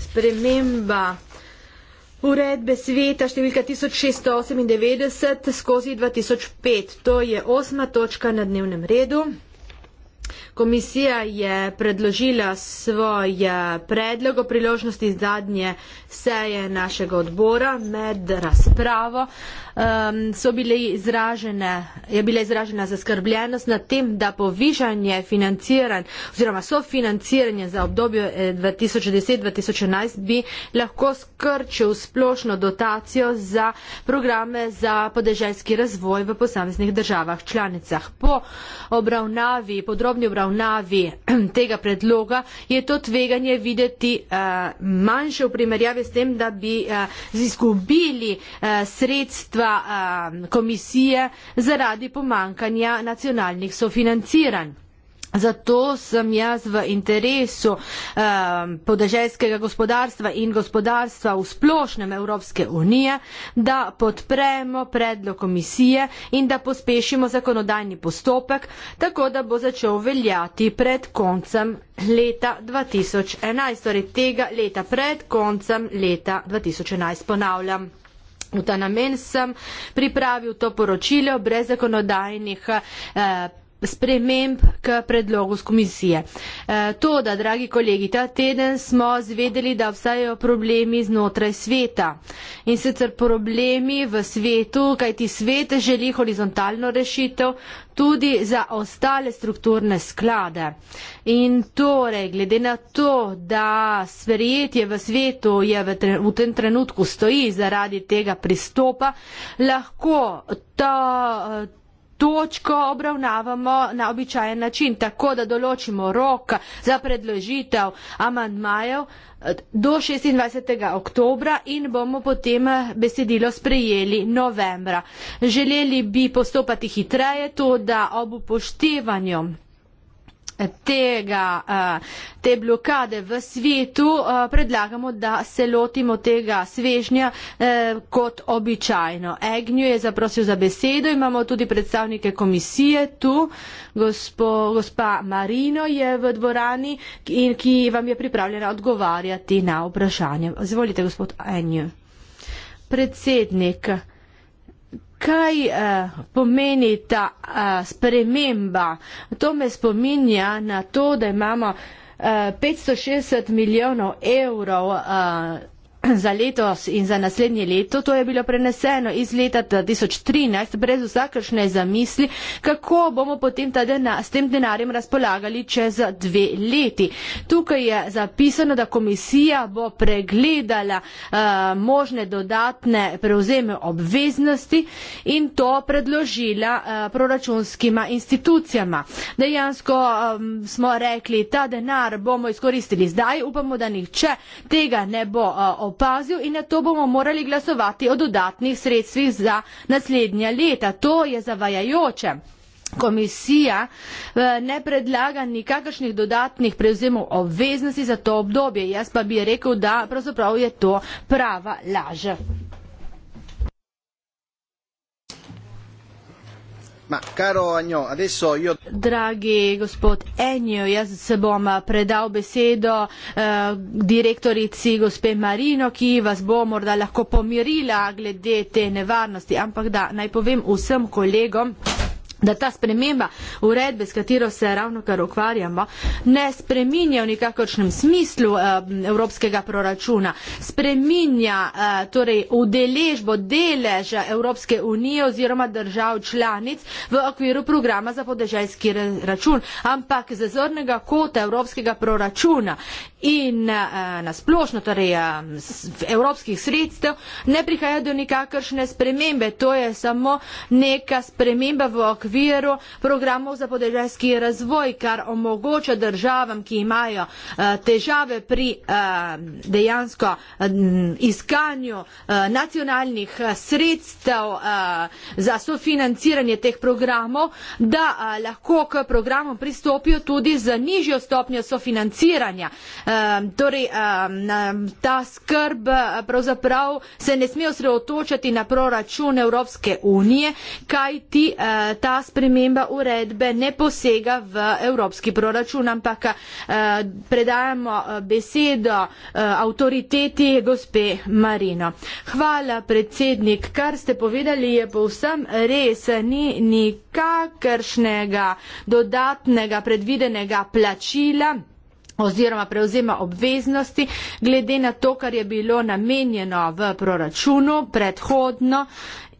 sprememba uredbe sveta številka 1698 skozi 2005. To je osma točka na dnevnem redu. Komisija je predložila svoj eh, predlog o priložnosti zadnje seje našega odbora med razpravo. Uh, um, so bile izražene, je bila izražena zaskrbljenost nad tem, da povišanje financiranj oziroma sofinanciranje za obdobje 2010-2011 eh, bi lahko skrčil splošno dotacijo za programe za podeželjski razvoj v posameznih državah članicah. Po obravnavi, podrobni obravnavi tega predloga je to tveganje videti uh, manjše v primerjavi s tem, da bi uh, izgubili uh, sredstva za uh, komisije zaradi pomankanja nacionalnih sofinanciranj. Zato sem jaz v interesu um, podeželjskega gospodarstva in gospodarstva v splošnem Evropske unije, da podpremo predlog komisije in da pospešimo zakonodajni postopek, tako da bo začel veljati pred koncem leta 2011, torej tega leta pred koncem leta 2011 ponavljam. V ta namen sem pripravil to poročilo brez zakonodajnih eh, sprememb k predlogu z komisije. E, to, da, dragi kolegi, ta teden smo zvedeli, da obstajajo problemi znotraj sveta in sicer problemi v svetu, kajti svet želi horizontalno rešitev tudi za ostale strukturne sklade. In torej, glede na to, da sprejetje v svetu je v, tre, v tem trenutku stoji zaradi tega pristopa, lahko ta točko obravnavamo na običajen način, tako da določimo rok za predložitev amandmajev eh, do 26. oktobra in bomo potem eh, besedilo sprejeli novembra. Želeli bi postopati hitreje, to da ob upoštevanju tega, eh, te blokade v svetu, eh, predlagamo, da se lotimo tega svežnja eh, kot običajno. Egnju je zaprosil za besedo, imamo tudi predstavnike komisije tu, gospo, gospa Marino je v dvorani, ki, ki vam je pripravljena odgovarjati na vprašanje. Zvolite, gospod Egnju. Predsednik kaj eh, pomeni ta eh, sprememba. To me spominja na to, da imamo eh, 560 milijonov evrov. Eh, za letos in za naslednje leto, to je bilo preneseno iz leta 2013 brez vsakršne zamisli, kako bomo potem dena, s tem denarjem razpolagali čez dve leti. Tukaj je zapisano, da komisija bo pregledala uh, možne dodatne prevzeme obveznosti in to predložila uh, proračunskima institucijama. Dejansko um, smo rekli, ta denar bomo izkoristili zdaj, upamo, da nihče tega ne bo uh, eh, obveznosti opazil in na to bomo morali glasovati o dodatnih sredstvih za naslednja leta. To je zavajajoče. Komisija eh, ne predlaga nikakršnih dodatnih prevzemov obveznosti za to obdobje. Jaz pa bi rekel, da pravzaprav je to prava laža. Ma caro Agnò, adesso io. Draghi gospod Agnò, jaz se bom eh, predal besedo uh, direktorici gospe Marino, ki vas bo morda lahko pomirila glede te nevarnosti, ampak da naj povem vsem kolegom da ta sprememba uredbe, s katero se ravno kar ukvarjamo, ne spreminja v nekakršnem smislu eh, evropskega proračuna, spreminja eh, torej udeležbo deleža Evropske unije oziroma držav članic v okviru programa za podeželjski račun, ampak z zornega kota evropskega proračuna in eh, na splošno torej evropskih sredstev ne prihaja do nekakršne spremembe, to je samo neka sprememba v okviru okviru programov za podeželjski razvoj, kar omogoča državam, ki imajo eh, težave pri eh, dejansko eh, iskanju nacionalnih sredstev za sofinanciranje teh programov, da lahko k programom pristopijo tudi z nižjo stopnjo sofinanciranja. Torej, ta skrb pravzaprav se ne sme osredotočati na proračun Evropske unije, kaj ti ta sprememba uredbe ne posega v evropski proračun, ampak eh, predajamo eh, besedo eh, avtoriteti gospe Marino. Hvala, predsednik, kar ste povedali je povsem res, ni nikakršnega dodatnega predvidenega plačila oziroma prevzema obveznosti, glede na to, kar je bilo namenjeno v proračunu predhodno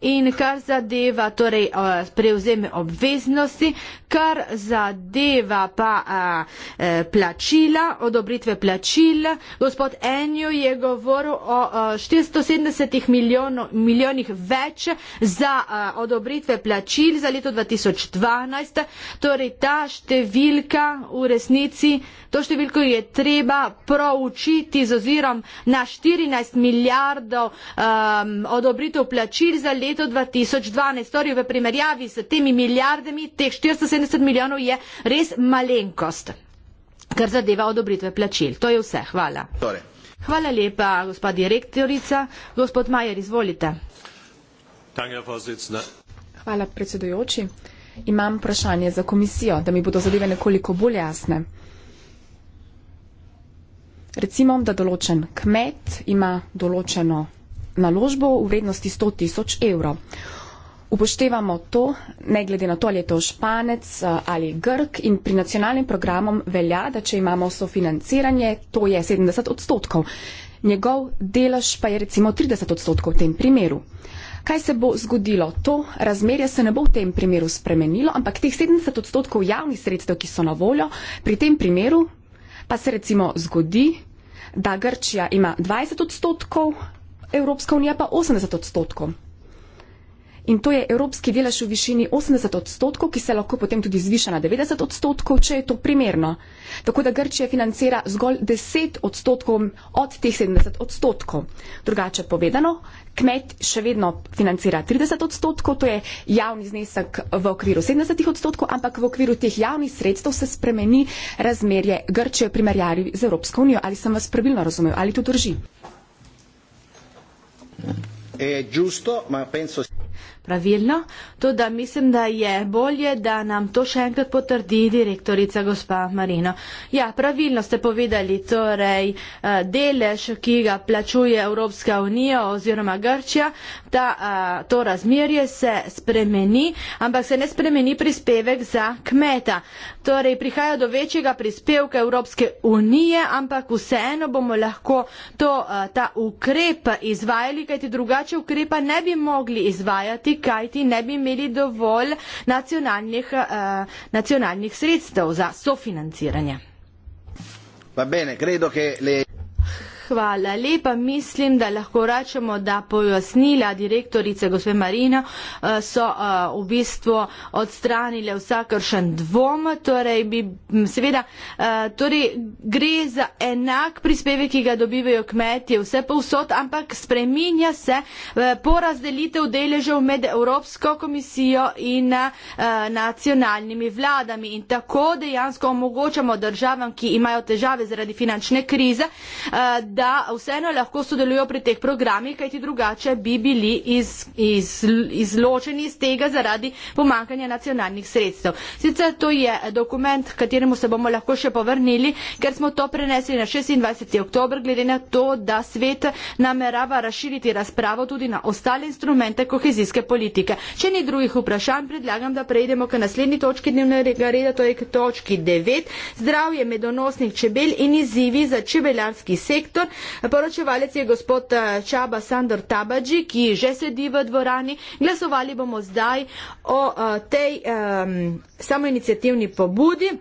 In kar zadeva torej eh, prevzeme obveznosti, kar zadeva pa a, eh, a, eh, plačila, odobritve plačila, gospod Enjo je govoril o a, 470 milijonov, milijonih več za a, odobritve plačil za leto 2012. Torej ta številka v resnici. To številko je treba proučiti z ozirom na 14 milijardov um, odobritev plačil za leto 2012. Torej, v primerjavi s temi milijardami, teh 470 milijonov je res malenkost, kar zadeva odobritve plačil. To je vse. Hvala. Torej. Hvala lepa, gospa direktorica. Gospod Majer, izvolite. Hvala predsedujoči. Imam vprašanje za komisijo, da mi bodo zadeve nekoliko bolj jasne recimo, da določen kmet ima določeno naložbo v vrednosti 100 tisoč evrov. Upoštevamo to, ne glede na to, ali je to španec eh, ali grk in pri nacionalnem programu velja, da če imamo sofinanciranje, to je 70 odstotkov. Njegov delež pa je recimo 30 odstotkov v tem primeru. Kaj se bo zgodilo? To razmerje se ne bo v tem primeru spremenilo, ampak teh 70 odstotkov javnih sredstev, ki so na voljo, pri tem primeru pa se recimo zgodi, da Grčija ima 20 odstotkov, Evropska unija pa 80 odstotkov. In to je evropski delež v višini 80 odstotkov, ki se lahko potem tudi zviša na 90 odstotkov, če je to primerno. Tako da Grčija financira zgolj 10 odstotkov od teh 70 odstotkov. Drugače povedano, kmet še vedno financira 30 odstotkov, to je javni znesek v okviru 70 odstotkov, ampak v okviru teh javnih sredstev se spremeni razmerje Grčije v primerjavi z Evropsko unijo. Ali sem vas pravilno razumel, ali to drži? Ja. È giusto, ma penso... Pravilno, tudi mislim, da je bolje, da nam to še enkrat potrdi direktorica gospa Marino. Ja, pravilno ste povedali, torej eh, delež, ki ga plačuje Evropska unija oziroma Grčija, ta, eh, to razmerje se spremeni, ampak se ne spremeni prispevek za kmeta. Torej, prihaja do večjega prispevka Evropske unije, ampak vseeno bomo lahko to, eh, ta ukrep izvajali, kajti drugače drugače ukrepa ne bi mogli izvajati, kajti ne bi imeli dovolj nacionalnih, uh, nacionalnih sredstev za sofinanciranje. Va bene, credo che le hvala lepa. Mislim, da lahko rečemo, da pojasnila direktorice gospe Marina eh, so eh, v bistvu odstranile vsakršen dvom. Torej, bi, seveda, eh, torej gre za enak prispevek, ki ga dobivajo kmetje vse povsod, ampak spreminja se porazdelitev deležev med Evropsko komisijo in nacionalnimi vladami. In tako dejansko omogočamo državam, ki imajo težave zaradi finančne krize, da da vseeno lahko sodelujo pri teh programih, kajti drugače bi bili iz, iz, izločeni iz tega zaradi pomankanja nacionalnih sredstev. Sicer to je dokument, kateremu se bomo lahko še povrnili, ker smo to prenesli na 26. oktober, glede na to, da svet namerava razširiti razpravo tudi na ostale instrumente kohezijske politike. Če ni drugih vprašanj, predlagam, da prejdemo k naslednji točki dnevnega reda, to je k točki 9. Zdravje medonosnih čebel in izzivi za čebeljarski sektor. Poročevalec je gospod eh, Čaba Sandor Tabadži, ki že sedi v dvorani. Glasovali bomo zdaj o eh, tej um, ehm, samoinicijativni pobudi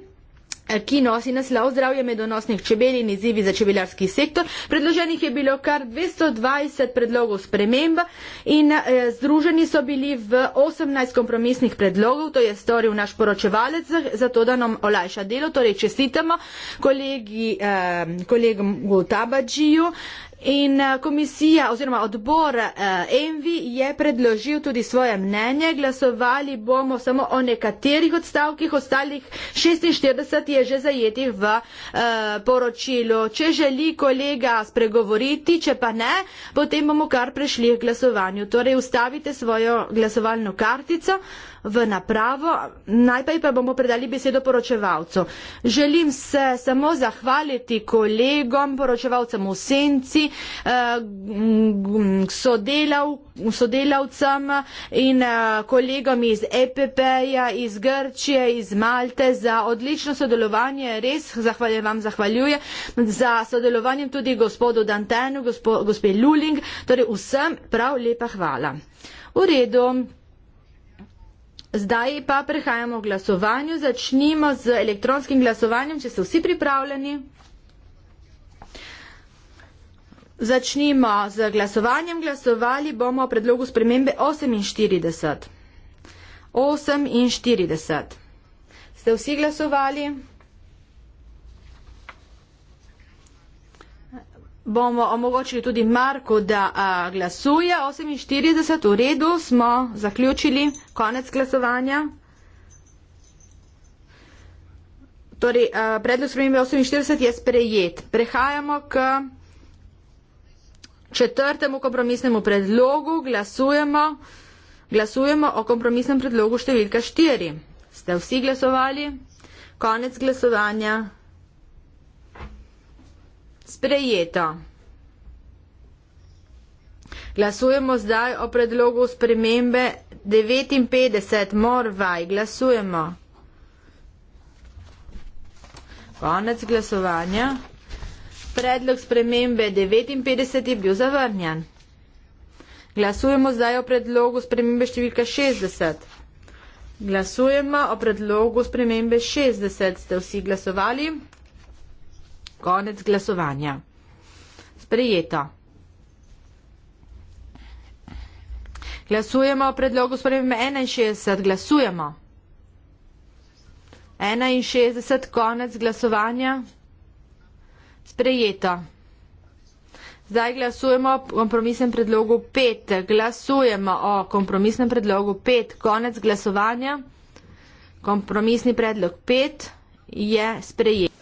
ki nosi naslov zdravje medonosnih čebel in izzivi za čebelarski sektor. Predloženih je bilo kar 220 predlogov sprememb in eh, združeni so bili v 18 kompromisnih predlogov, to je storil naš poročevalec, zato da nam olajša delo, torej čestitamo kolegi, eh, kolegom Gotabadžiju In eh, komisija oziroma odbor eh, Envi je predložil tudi svoje mnenje. Glasovali bomo samo o nekaterih odstavkih, ostalih 46 je že zajetih v eh, poročilu. Če želi kolega spregovoriti, če pa ne, potem bomo kar prišli k glasovanju. Torej ustavite svojo glasovalno kartico v napravo, najprej pa bomo predali besedo poročevalcu. Želim se samo zahvaliti kolegom, poročevalcem v senci, eh, mm, sodelav, sodelavcem in eh, kolegom iz EPP-ja, iz Grčije, iz Malte za odlično sodelovanje. Res zahvaljujem vam, zahvaljujem za sodelovanje tudi gospodu Dantenu, gospe Luling, torej vsem prav lepa hvala. V redu. Zdaj pa prehajamo v glasovanju. Začnimo z elektronskim glasovanjem, če so vsi pripravljeni. Začnimo z glasovanjem. Glasovali bomo o predlogu spremembe 48. 48. Ste vsi glasovali? bomo omogočili tudi Marku, da a, glasuje. 48 v redu smo zaključili konec glasovanja. Torej, predlog spremembe 48 je sprejet. Prehajamo k četrtemu kompromisnemu predlogu. Glasujemo, glasujemo o kompromisnem predlogu številka 4. Ste vsi glasovali? Konec glasovanja. Sprejeto. Glasujemo zdaj o predlogu spremembe 59 Morvaj. Glasujemo. Konec glasovanja. Predlog spremembe 59 je bil zavrnjen. Glasujemo zdaj o predlogu spremembe številka 60. Glasujemo o predlogu spremembe 60. Ste vsi glasovali? Konec glasovanja. Sprejeto. Glasujemo o predlogu spremembe 61. Glasujemo. 61. Konec glasovanja. Sprejeto. Zdaj glasujemo o kompromisnem predlogu 5. Glasujemo o kompromisnem predlogu 5. Konec glasovanja. Kompromisni predlog 5 je sprejet.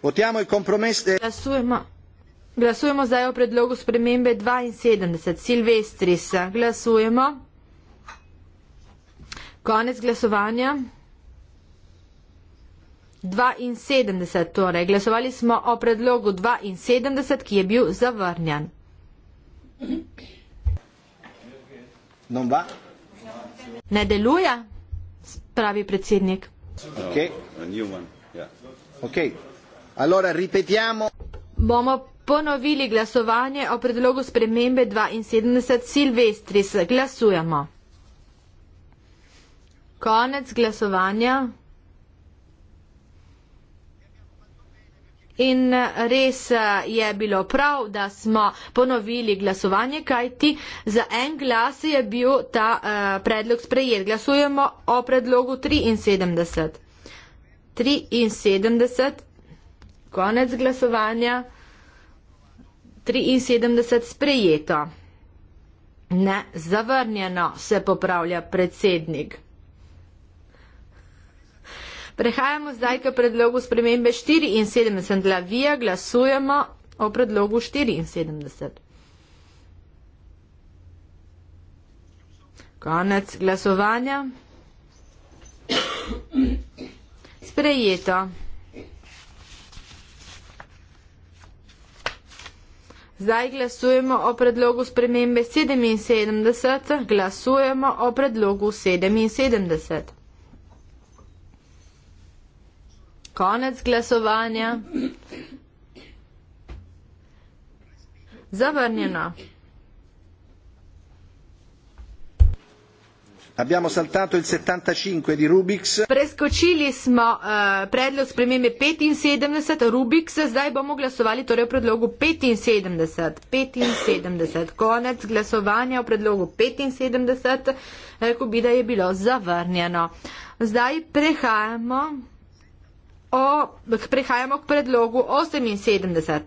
Votiamo il compromesso. Glasujemo. Glasujemo zdaj o predlogu spremembe 72. Silvestris. Glasujemo. Konec glasovanja. 72. Torej, glasovali smo o predlogu 72, ki je bil zavrnjen. Non va? Ne deluje, pravi predsednik. Okay. No, a new one. Ok, allora ripetiamo. Bomo ponovili glasovanje o predlogu spremembe 72 Silvestris. Glasujemo. Konec glasovanja. In res eh, je bilo prav, da smo ponovili glasovanje, kajti za en glas je bil ta uh, predlog sprejet. Glasujemo o predlogu 73. 73, konec glasovanja, 73 sprejeto. Ne, zavrnjeno se popravlja predsednik. Prehajamo zdaj k predlogu spremembe 74. Lavija glasujemo o predlogu 74. Konec glasovanja sprejeto. Zdaj glasujemo o predlogu spremembe 77. Glasujemo o predlogu 77. Konec glasovanja. Zavrnjeno. Abbiamo saltato il 75 di Rubiks. Preskočili smo eh, predlog spremembe 75 Rubiks, zdaj bomo glasovali torej o predlogu 75. 75. Konec glasovanja o predlogu 75, rekel eh, bi, da je bilo zavrnjeno. Zdaj prehajamo, o, prehajamo k predlogu 78.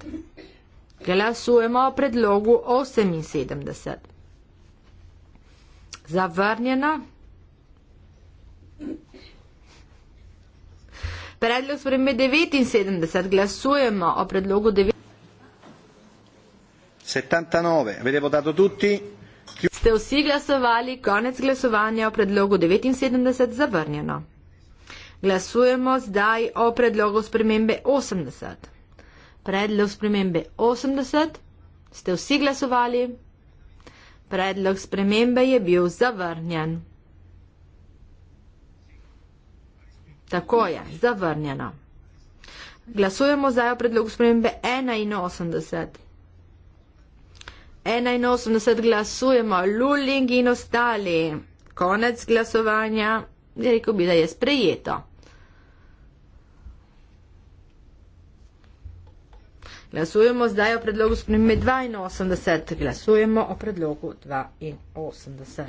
Glasujemo o predlogu 78. Zavrnjeno. Predlog spremembe 79. Glasujemo o predlogu 79. Ste vsi glasovali, konec glasovanja o predlogu 79 zavrnjeno. Glasujemo zdaj o predlogu spremembe 80. Predlog spremembe 80. Ste vsi glasovali? predlog spremembe je bil zavrnjen. Tako je, zavrnjeno. Glasujemo zdaj o predlogu spremembe 81. 81 glasujemo, Luling in ostali. Konec glasovanja, je rekel bi, da je sprejeto. Glasujemo zdaj o predlogu spremembe 82. Glasujemo o predlogu 82.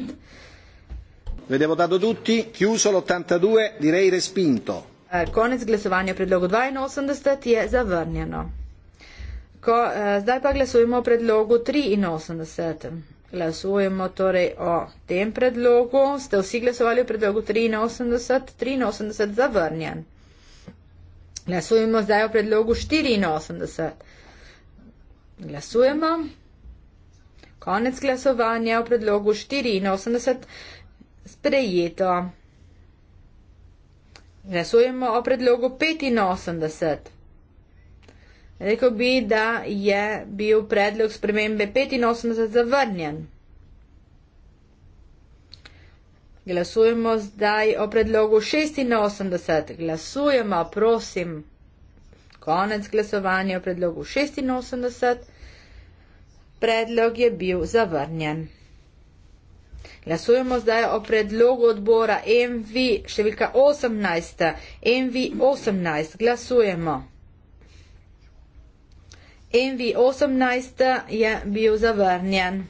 Vedemo dato tutti, chiuso l'82, direi respinto. Eh, konec glasovanja o predlogu 82 je zavrnjeno. Ko, eh, zdaj pa glasujemo o predlogu 83. Glasujemo torej o tem predlogu. Ste vsi glasovali o predlogu 83? 83 zavrnjen. Glasujemo zdaj o predlogu 84. Glasujemo. Konec glasovanja o predlogu 84. Sprejeto. Glasujemo o predlogu 85. Rekl bi, da je bil predlog spremembe 85 zavrnjen. Glasujemo zdaj o predlogu 86. Glasujemo, prosim. Konec glasovanja o predlogu 86. Predlog je bil zavrnjen. Glasujemo zdaj o predlogu odbora MV številka 18. MV 18. Glasujemo. MV 18 je bil zavrnjen.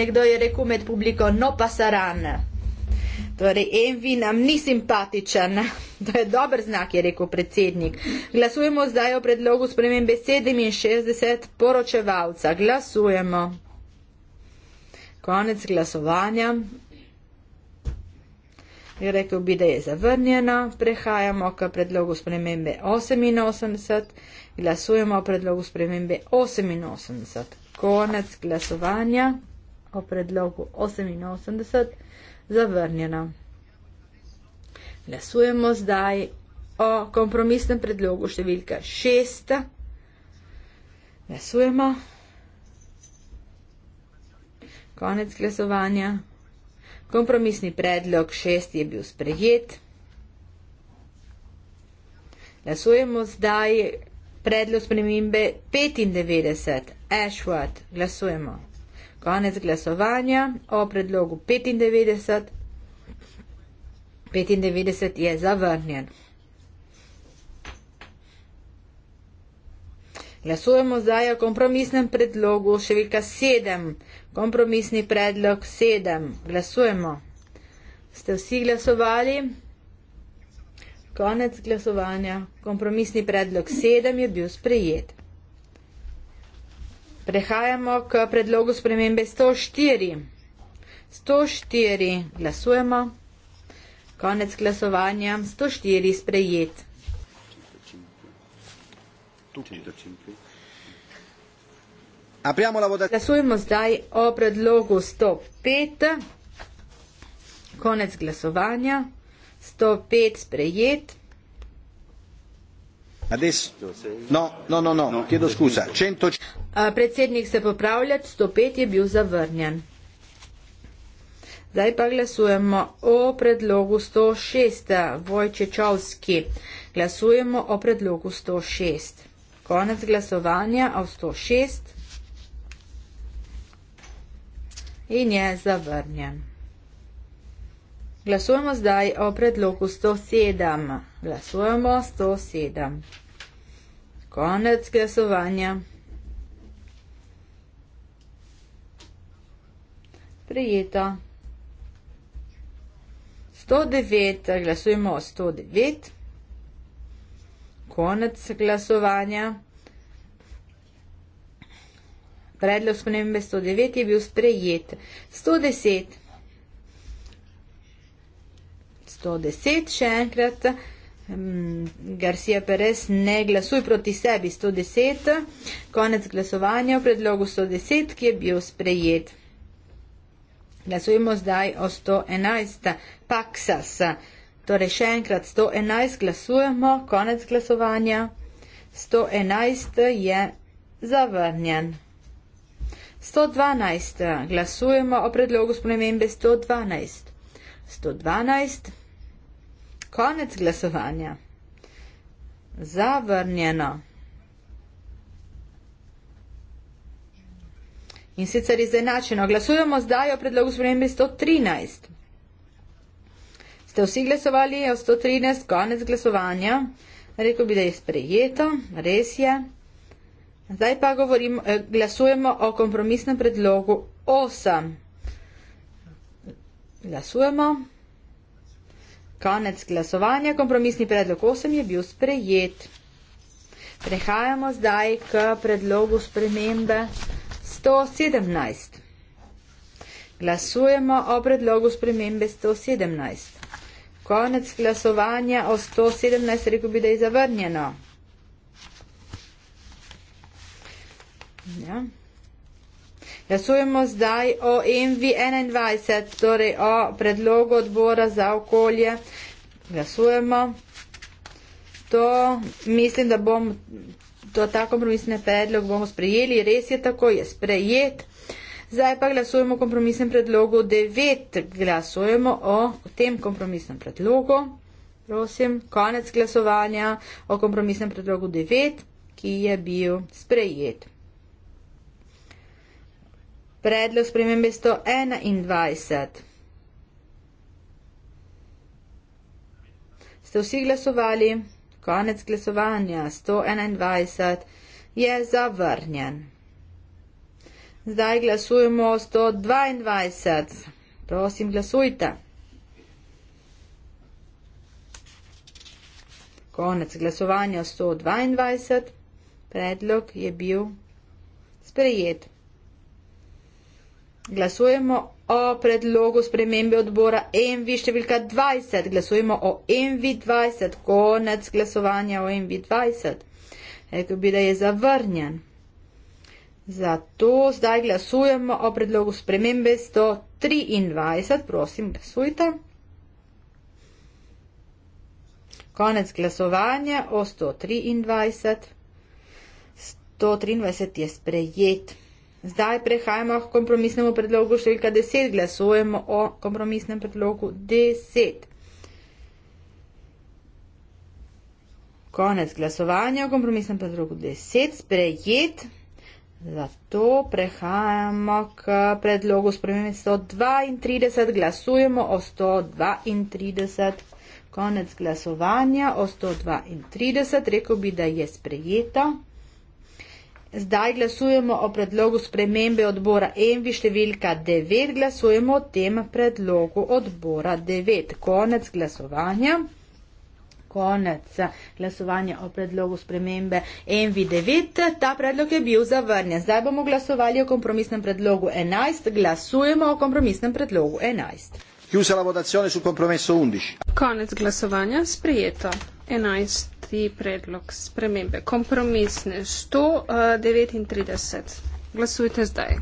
Nekdo je rekel med publiko no pasarane. Torej, Envi nam ni simpatičen. To je dober znak, je rekel predsednik. Glasujemo zdaj o predlogu spremembe 67 poročevalca. Glasujemo. Konec glasovanja. Je rekel bi, da je zavrnjeno. Prehajamo k predlogu spremembe 88. Glasujemo o predlogu spremembe 88. Konec glasovanja o predlogu 88 zavrnjena. Glasujemo zdaj o kompromisnem predlogu številka 6. Glasujemo. Konec glasovanja. Kompromisni predlog 6 je bil sprejet. Glasujemo zdaj predlog spremembe 95. Ashworth. Glasujemo. Konec glasovanja o predlogu 95. 95 je zavrnjen. Glasujemo zdaj o kompromisnem predlogu številka 7. Kompromisni predlog 7. Glasujemo. Ste vsi glasovali? Konec glasovanja. Kompromisni predlog 7 je bil sprejet. Prehajamo k predlogu spremembe 104. 104 glasujemo. Konec glasovanja. 104 sprejet. Glasujemo zdaj o predlogu 105. Konec glasovanja. 105 sprejet. Adesso. No, no, no, no, chiedo scusa. 105 predsednik se popravljati, 105 je bil zavrnjen. Zdaj pa glasujemo o predlogu 106, Vojčečovski. Glasujemo o predlogu 106. Konec glasovanja o 106 in je zavrnjen. Glasujemo zdaj o predlogu 107. Glasujemo 107. Konec glasovanja. Prijeto. 109, glasujemo o 109. Konec glasovanja. Predlog spremembe 109 je bil sprejet. 110. 110 še enkrat. Mm, Garcia Perez ne glasuj proti sebi. 110. Konec glasovanja o predlogu 110, ki je bil sprejet. Glasujemo zdaj o 111. Paksas. Torej še enkrat 111 glasujemo, konec glasovanja. 111 je zavrnjen. 112 glasujemo o predlogu spremembe 112. 112. Konec glasovanja. Zavrnjeno. in sicer izenačeno. Glasujemo zdaj o predlogu spremembe 113. Ste vsi glasovali o 113, konec glasovanja. Rekl bi, da je sprejeto, res je. Zdaj pa govorim, eh, glasujemo o kompromisnem predlogu 8. Glasujemo. Konec glasovanja. Kompromisni predlog 8 je bil sprejet. Prehajamo zdaj k predlogu spremembe 117. Glasujemo o predlogu spremembe 117. Konec glasovanja o 117, rekel bi, da je zavrnjeno. Ja. Glasujemo zdaj o MV21, torej o predlogu odbora za okolje. Glasujemo. To mislim, da bom to ta kompromisne predlog bomo sprejeli, res je tako, je sprejet. Zdaj pa glasujemo o kompromisnem predlogu 9. Glasujemo o tem kompromisnem predlogu. Prosim, konec glasovanja o kompromisnem predlogu 9, ki je bil sprejet. Predlog spremembe 121. Ste vsi glasovali? konec glasovanja 121 je zavrnjen. Zdaj glasujemo 122. Prosim, glasujte. Konec glasovanja 122. Predlog je bil sprejet. Glasujemo o predlogu spremembe odbora MV številka 20. Glasujemo o MV 20. Konec glasovanja o MV 20. Rekel bi, da je zavrnjen. Zato zdaj glasujemo o predlogu spremembe 123. Prosim, glasujte. Konec glasovanja o 123. 123 je sprejet. Zdaj prehajamo k kompromisnemu predlogu številka 10. Glasujemo o kompromisnem predlogu 10. Konec glasovanja o kompromisnem predlogu 10. Sprejet. Zato prehajamo k predlogu spremembe 132. Glasujemo o 132. Konec glasovanja o 132. Rekel bi, da je sprejeto. Zdaj glasujemo o predlogu spremembe odbora Envi številka 9, glasujemo o tem predlogu odbora 9. Konec glasovanja. Konec glasovanja o predlogu spremembe MV9. Ta predlog je bil zavrnjen. Zdaj bomo glasovali o kompromisnem predlogu 11. Glasujemo o kompromisnem predlogu 11. Chiusa la votazione sul compromesso 11. Konec glasovanja sprejeto. 11. predlog spremembe. Kompromisne 139. Eh, Glasujte zdaj.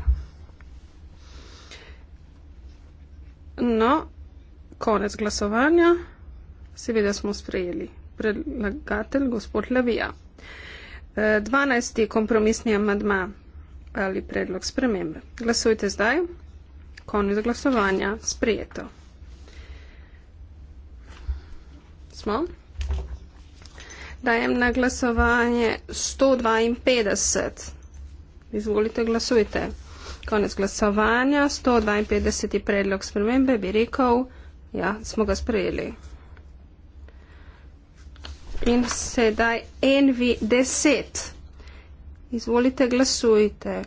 No, konec glasovanja. Seveda smo sprejeli predlagatelj, gospod Levija. 12. Eh, kompromisni amadma ali predlog spremembe. Glasujte zdaj konec glasovanja sprejeto. Smo? Dajem na glasovanje 152. Izvolite, glasujte. Konec glasovanja, 152. predlog spremembe bi rekel, ja, smo ga sprejeli. In sedaj NV10. Izvolite, glasujte.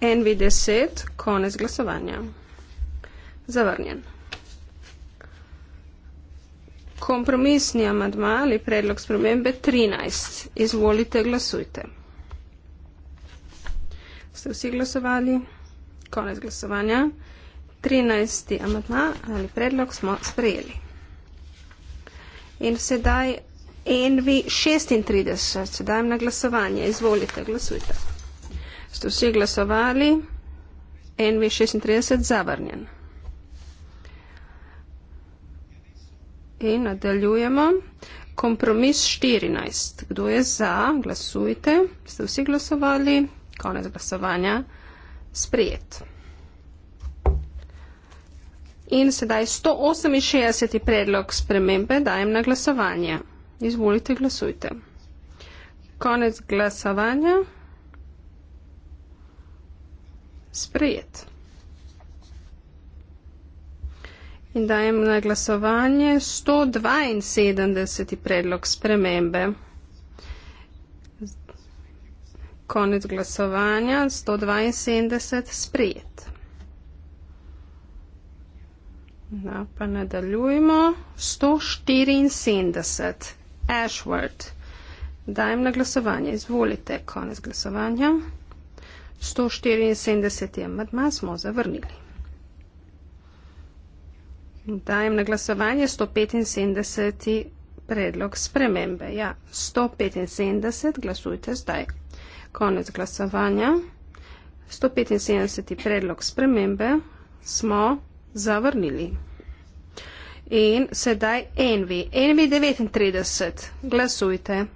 NV10, konec glasovanja. Zavrnjen. Kompromisni amadma ali predlog spremembe 13. Izvolite, glasujte. Ste vsi glasovali? Konec glasovanja. 13. amadma ali predlog smo sprejeli. In sedaj NV 36. Sedaj na glasovanje. Izvolite, glasujte. Glasujte. Ste vsi glasovali? NV36 zavrnjen. In nadaljujemo. Kompromis 14. Kdo je za? Glasujte. Ste vsi glasovali? Konec glasovanja. Sprijet. In sedaj 168. predlog spremembe dajem na glasovanje. Izvolite, glasujte. Konec glasovanja sprejet. In dajem na glasovanje 172. predlog spremembe. Konec glasovanja 172 sprejet. No, pa nadaljujemo 174. Ashworth. Dajem na glasovanje. Izvolite. Konec glasovanja. 174. amatma smo zavrnili. Dajem na glasovanje 175. predlog spremembe. Ja, 175, glasujte zdaj. Konec glasovanja. 175. predlog spremembe smo zavrnili. In sedaj Envi. Envi 39, glasujte.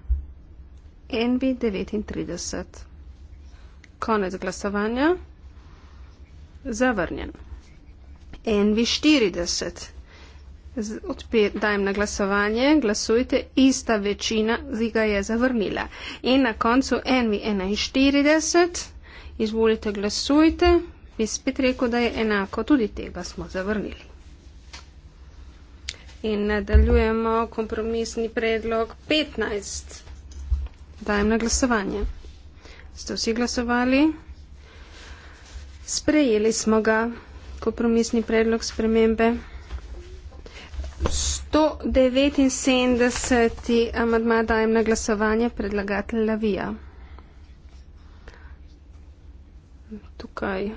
Envi 39. Konec glasovanja. Zavrnjen. NV40. Dajem na glasovanje, glasujte, ista večina ziga je zavrnila. In na koncu NV41. Izvolite, glasujte. Bi spet rekel, da je enako, tudi tega smo zavrnili. In nadaljujemo kompromisni predlog 15. Dajem na glasovanje ste vsi glasovali. Sprejeli smo ga, kompromisni predlog spremembe. 179. amadma dajem na glasovanje predlagatelja Lavija. Tukaj.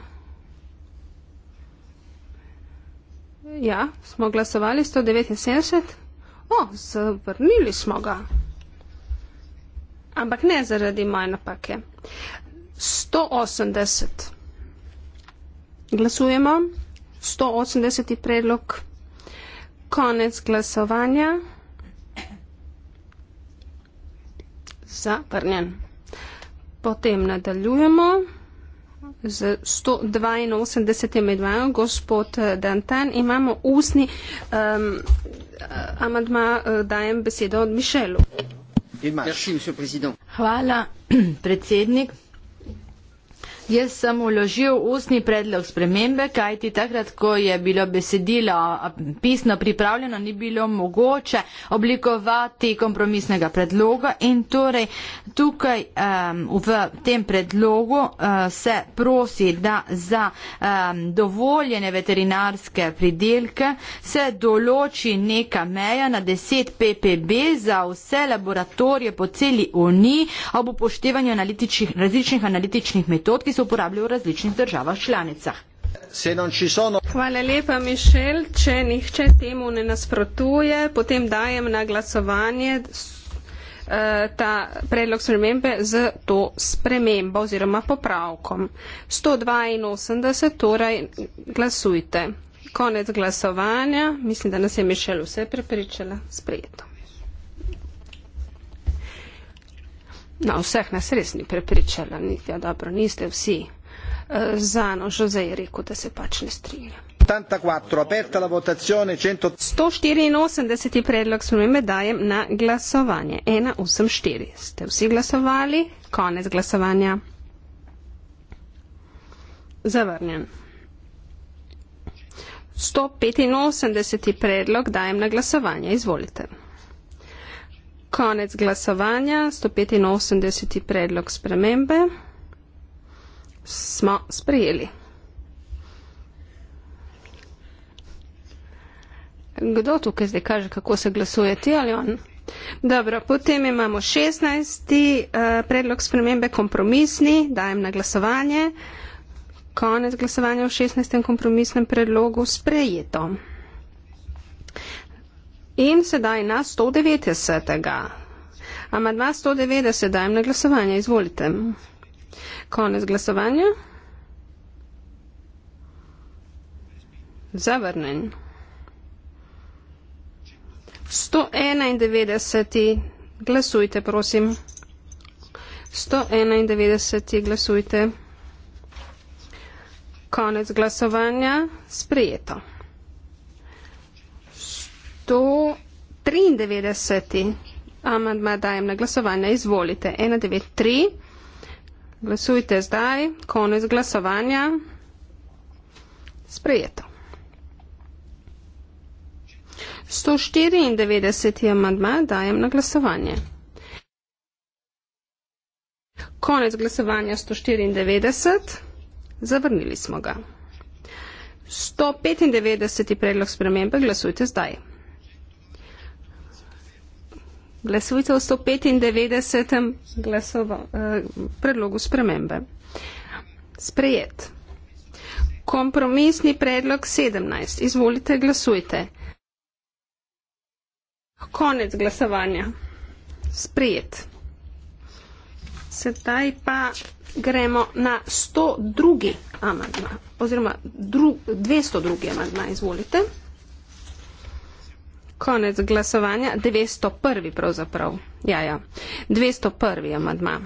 Ja, smo glasovali 179. O, zavrnili smo ga ampak ne zaradi moje napake. 180. Glasujemo. 180. predlog. Konec glasovanja. Zaprnjen. Potem nadaljujemo z 182. medvajom. Gospod Dantan, imamo ustni um, eh, amadma, eh, dajem besedo od Mišelu. Dimaš. Hvala, predsednik. Jaz sem uložil ustni predlog spremembe, kajti takrat, ko je bilo besedilo pisno pripravljeno, ni bilo mogoče oblikovati kompromisnega predloga in torej tukaj um, v tem predlogu uh, se prosi, da za um, dovoljene veterinarske pridelke se določi neka meja na 10 ppb za vse laboratorije po celi Uniji ob upoštevanju različnih analitičnih metod, se uporabljajo v različnih državah članicah. Hvala lepa, Mišel. Če nihče temu ne nasprotuje, potem dajem na glasovanje eh, ta predlog spremembe z to spremembo oziroma popravkom. 182, torej glasujte. Konec glasovanja. Mislim, da nas je Mišel vse prepričala. Sprejeto. Na vseh nas res ni prepričala, niti ja, dobro, niste vsi. Eh, Zano Žoze je rekel, da se pač ne strinja. 184. predlog spremembe dajem na glasovanje. 184. Ste vsi glasovali? Konec glasovanja. Zavrnjen. 185. predlog dajem na glasovanje. Izvolite. Konec glasovanja, 185. predlog spremembe smo sprejeli. Kdo tukaj zdaj kaže, kako se glasuje, ti ali on? Dobro, potem imamo 16. Eh, predlog spremembe, kompromisni, dajem na glasovanje. Konec glasovanja v 16. kompromisnem predlogu sprejeto. In sedaj na 190. Amadva 190 dajem na glasovanje. Izvolite. Konec glasovanja. Zavrnen. 191. Glasujte, prosim. 191. Glasujte. Konec glasovanja. Sprijeto. 193. amandma dajem na glasovanje. Izvolite. 193. Glasujte zdaj. Konec glasovanja. Sprejeto. 194. amandma dajem na glasovanje. Konec glasovanja 194. Zavrnili smo ga. 195. predlog spremembe glasujte zdaj glasovite v 195. Glasovo, eh, predlogu spremembe. Sprejet. Kompromisni predlog 17. Izvolite, glasujte. Konec glasovanja. Sprejet. Sedaj pa gremo na 102. amadma, oziroma dru, 202. amadma. Izvolite. Konec glasovanja. 201. pravzaprav. Ja, ja. 201. amadma.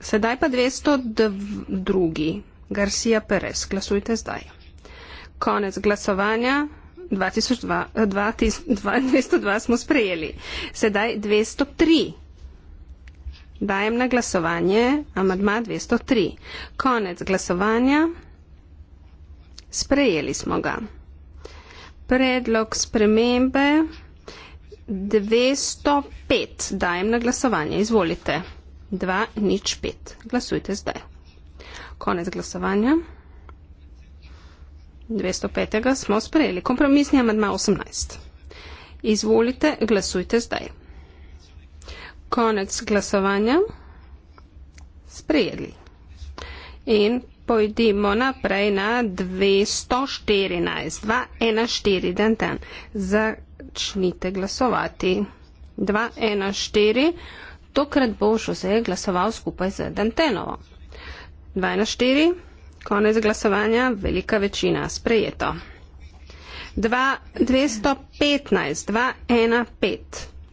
Sedaj pa 202. Garcia Perez. Glasujte zdaj. Konec glasovanja. 202 smo sprejeli. Sedaj 203. Dajem na glasovanje amadma 203. Konec glasovanja. Sprejeli smo ga. Predlog spremembe. 205 dajem na glasovanje. Izvolite. 2 nič 5. Glasujte zdaj. Konec glasovanja. 205. smo sprejeli. Kompromisni amadma 18. Izvolite, glasujte zdaj. Konec glasovanja. Sprejeli. In pojdimo naprej na 214. 2, 1, 4, dan, dan. Za začnite glasovati. 2-1-4, tokrat bo Jose glasoval skupaj z Dantenovo. 2-1-4, konec glasovanja, velika večina, sprejeto. 2-215-2-1-5,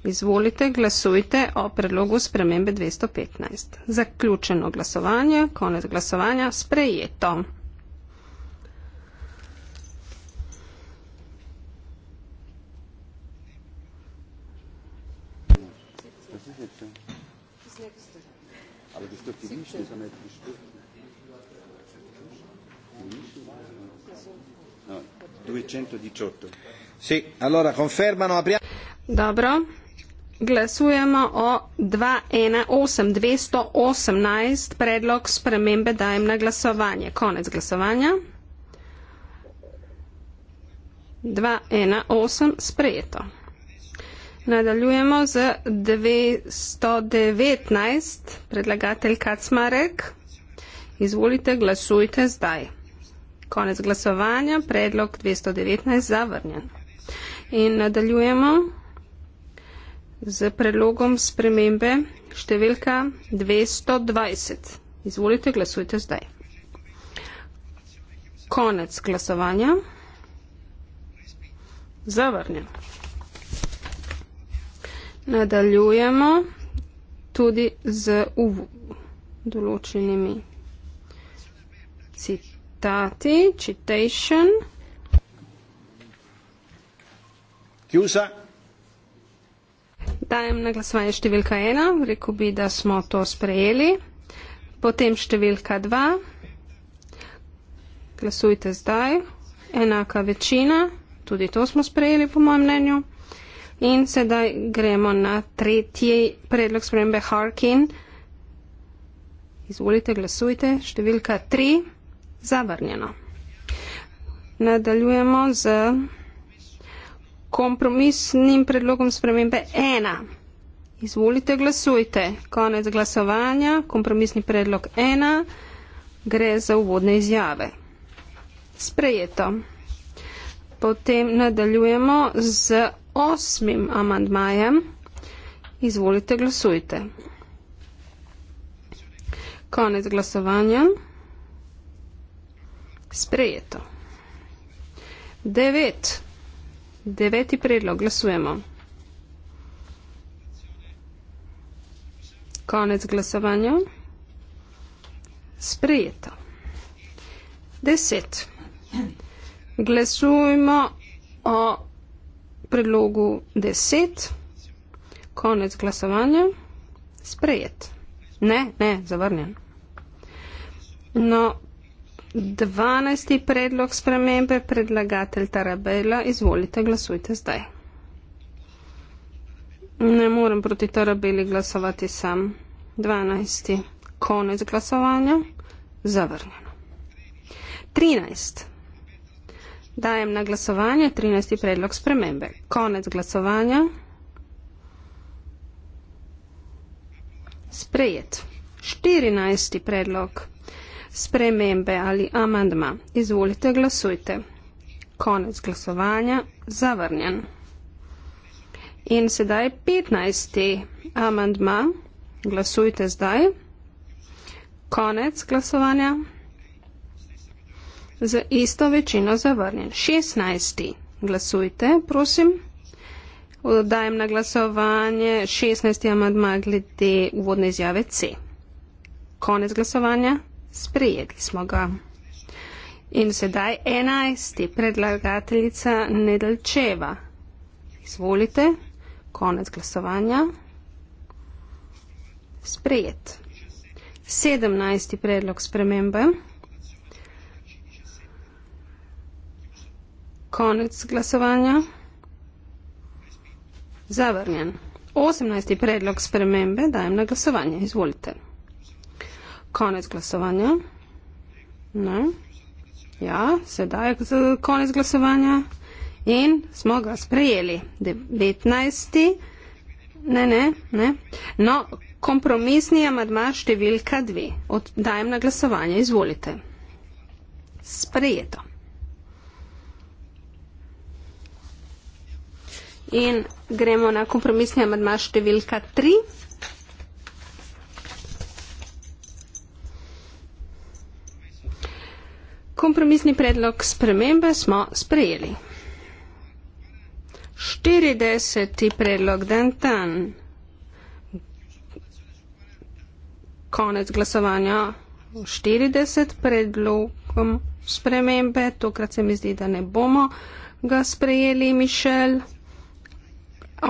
izvolite, glasujte o predlogu spremembe 215. Zaključeno glasovanje, konec glasovanja, sprejeto. 218. Sì, allora confermano, apriamo. Dobro, glasujemo o 218, 218, predlog spremembe dajem na glasovanje. Konec glasovanja. 218, sprejeto. Nadaljujemo z 219, predlagatelj Kacmarek. Izvolite, glasujte zdaj. Konec glasovanja, predlog 219 zavrnjen. In nadaljujemo z predlogom spremembe številka 220. Izvolite, glasujte zdaj. Konec glasovanja, zavrnjen nadaljujemo tudi z uv določenimi citati, citation. Chiusa. Dajem na glasovanje številka ena, rekel bi, da smo to sprejeli. Potem številka dva, glasujte zdaj, enaka večina, tudi to smo sprejeli po mojem mnenju. In sedaj gremo na tretji predlog spremembe Harkin. Izvolite, glasujte. Številka 3. Zavrnjeno. Nadaljujemo z kompromisnim predlogom spremembe 1. Izvolite, glasujte. Konec glasovanja. Kompromisni predlog 1. Gre za uvodne izjave. Sprejeto. Potem nadaljujemo z osmim amandmajem. Izvolite, glasujte. Konec glasovanja. Sprejeto. Devet. Deveti predlog. Glasujemo. Konec glasovanja. Sprejeto. Deset. Glasujmo o predlogu 10, konec glasovanja, sprejet. Ne, ne, zavrnjen. No, 12. predlog spremembe, predlagatelj Tarabela, izvolite, glasujte zdaj. Ne morem proti Tarabeli glasovati sam. 12. konec glasovanja, zavrnjen. 13. Dajem na glasovanje 13. predlog spremembe. Konec glasovanja. Sprejet. 14. predlog spremembe ali amandma. Izvolite, glasujte. Konec glasovanja. Zavrnjen. In sedaj 15. amandma. Glasujte zdaj. Konec glasovanja z isto večino zavrnjen. 16. Glasujte, prosim. Dajem na glasovanje 16. amadma glede uvodne izjave C. Konec glasovanja. Sprejeli smo ga. In sedaj 11. predlagateljica Nedelčeva. Izvolite. Konec glasovanja. Sprejet. 17. predlog spremembe. konec glasovanja. Zavrnjen. 18. predlog spremembe dajem na glasovanje. Izvolite. Konec glasovanja. Ne. Ja, sedaj je konec glasovanja in smo ga sprejeli. 19. Ne, ne, ne. No, kompromisni amadma številka 2. Dajem na glasovanje. Izvolite. Sprejeto. In gremo na kompromisni amadma številka 3. Kompromisni predlog spremembe smo sprejeli. 40. predlog Dantan. Konec glasovanja 40 predlogom spremembe. Tokrat se mi zdi, da ne bomo ga sprejeli, Mišel.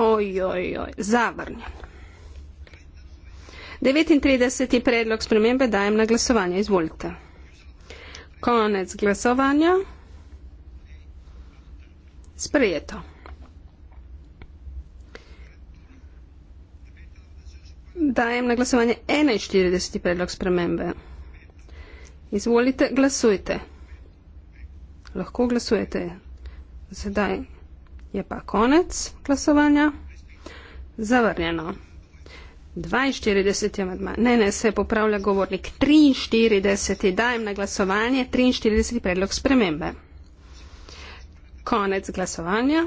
Oj, oj, oj, zavrnjen. 39. predlog spremembe dajem na glasovanje. Izvolite. Konec glasovanja. Sprejeto. Dajem na glasovanje 41. predlog spremembe. Izvolite, glasujte. Lahko glasujete. Zdaj. Je pa konec glasovanja. Zavrnjeno. 42 je med manj. Ne, ne, se popravlja govornik. 43 dajem na glasovanje. 43 predlog spremembe. Konec glasovanja.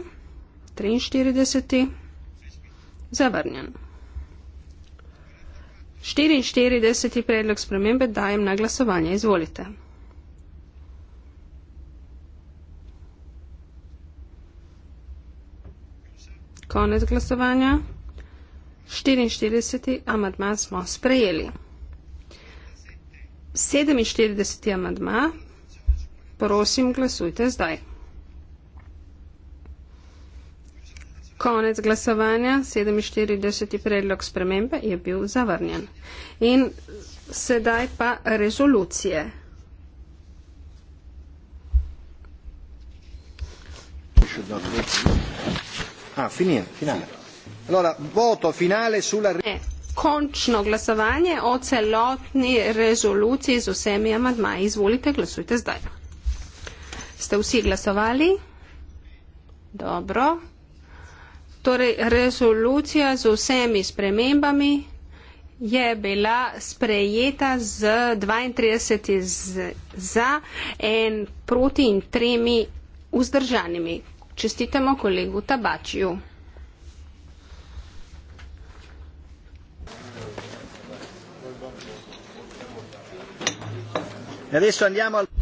43. Zavrnjen. 44. predlog spremembe dajem na glasovanje. Izvolite. Konec glasovanja. 44. amadma smo sprejeli. 47. amadma. Prosim, glasujte zdaj. Konec glasovanja, 47. predlog spremembe je bil zavrnjen. In sedaj pa rezolucije. Še dobro. Ah, končno glasovanje o celotni rezoluciji z vsemi amadmaji. Izvolite, glasujte zdaj. Ste vsi glasovali? Dobro. Torej, rezolucija z vsemi spremembami je bila sprejeta z 32 za, en proti in tremi vzdržanimi čestitamo kolegu Tabačiju. E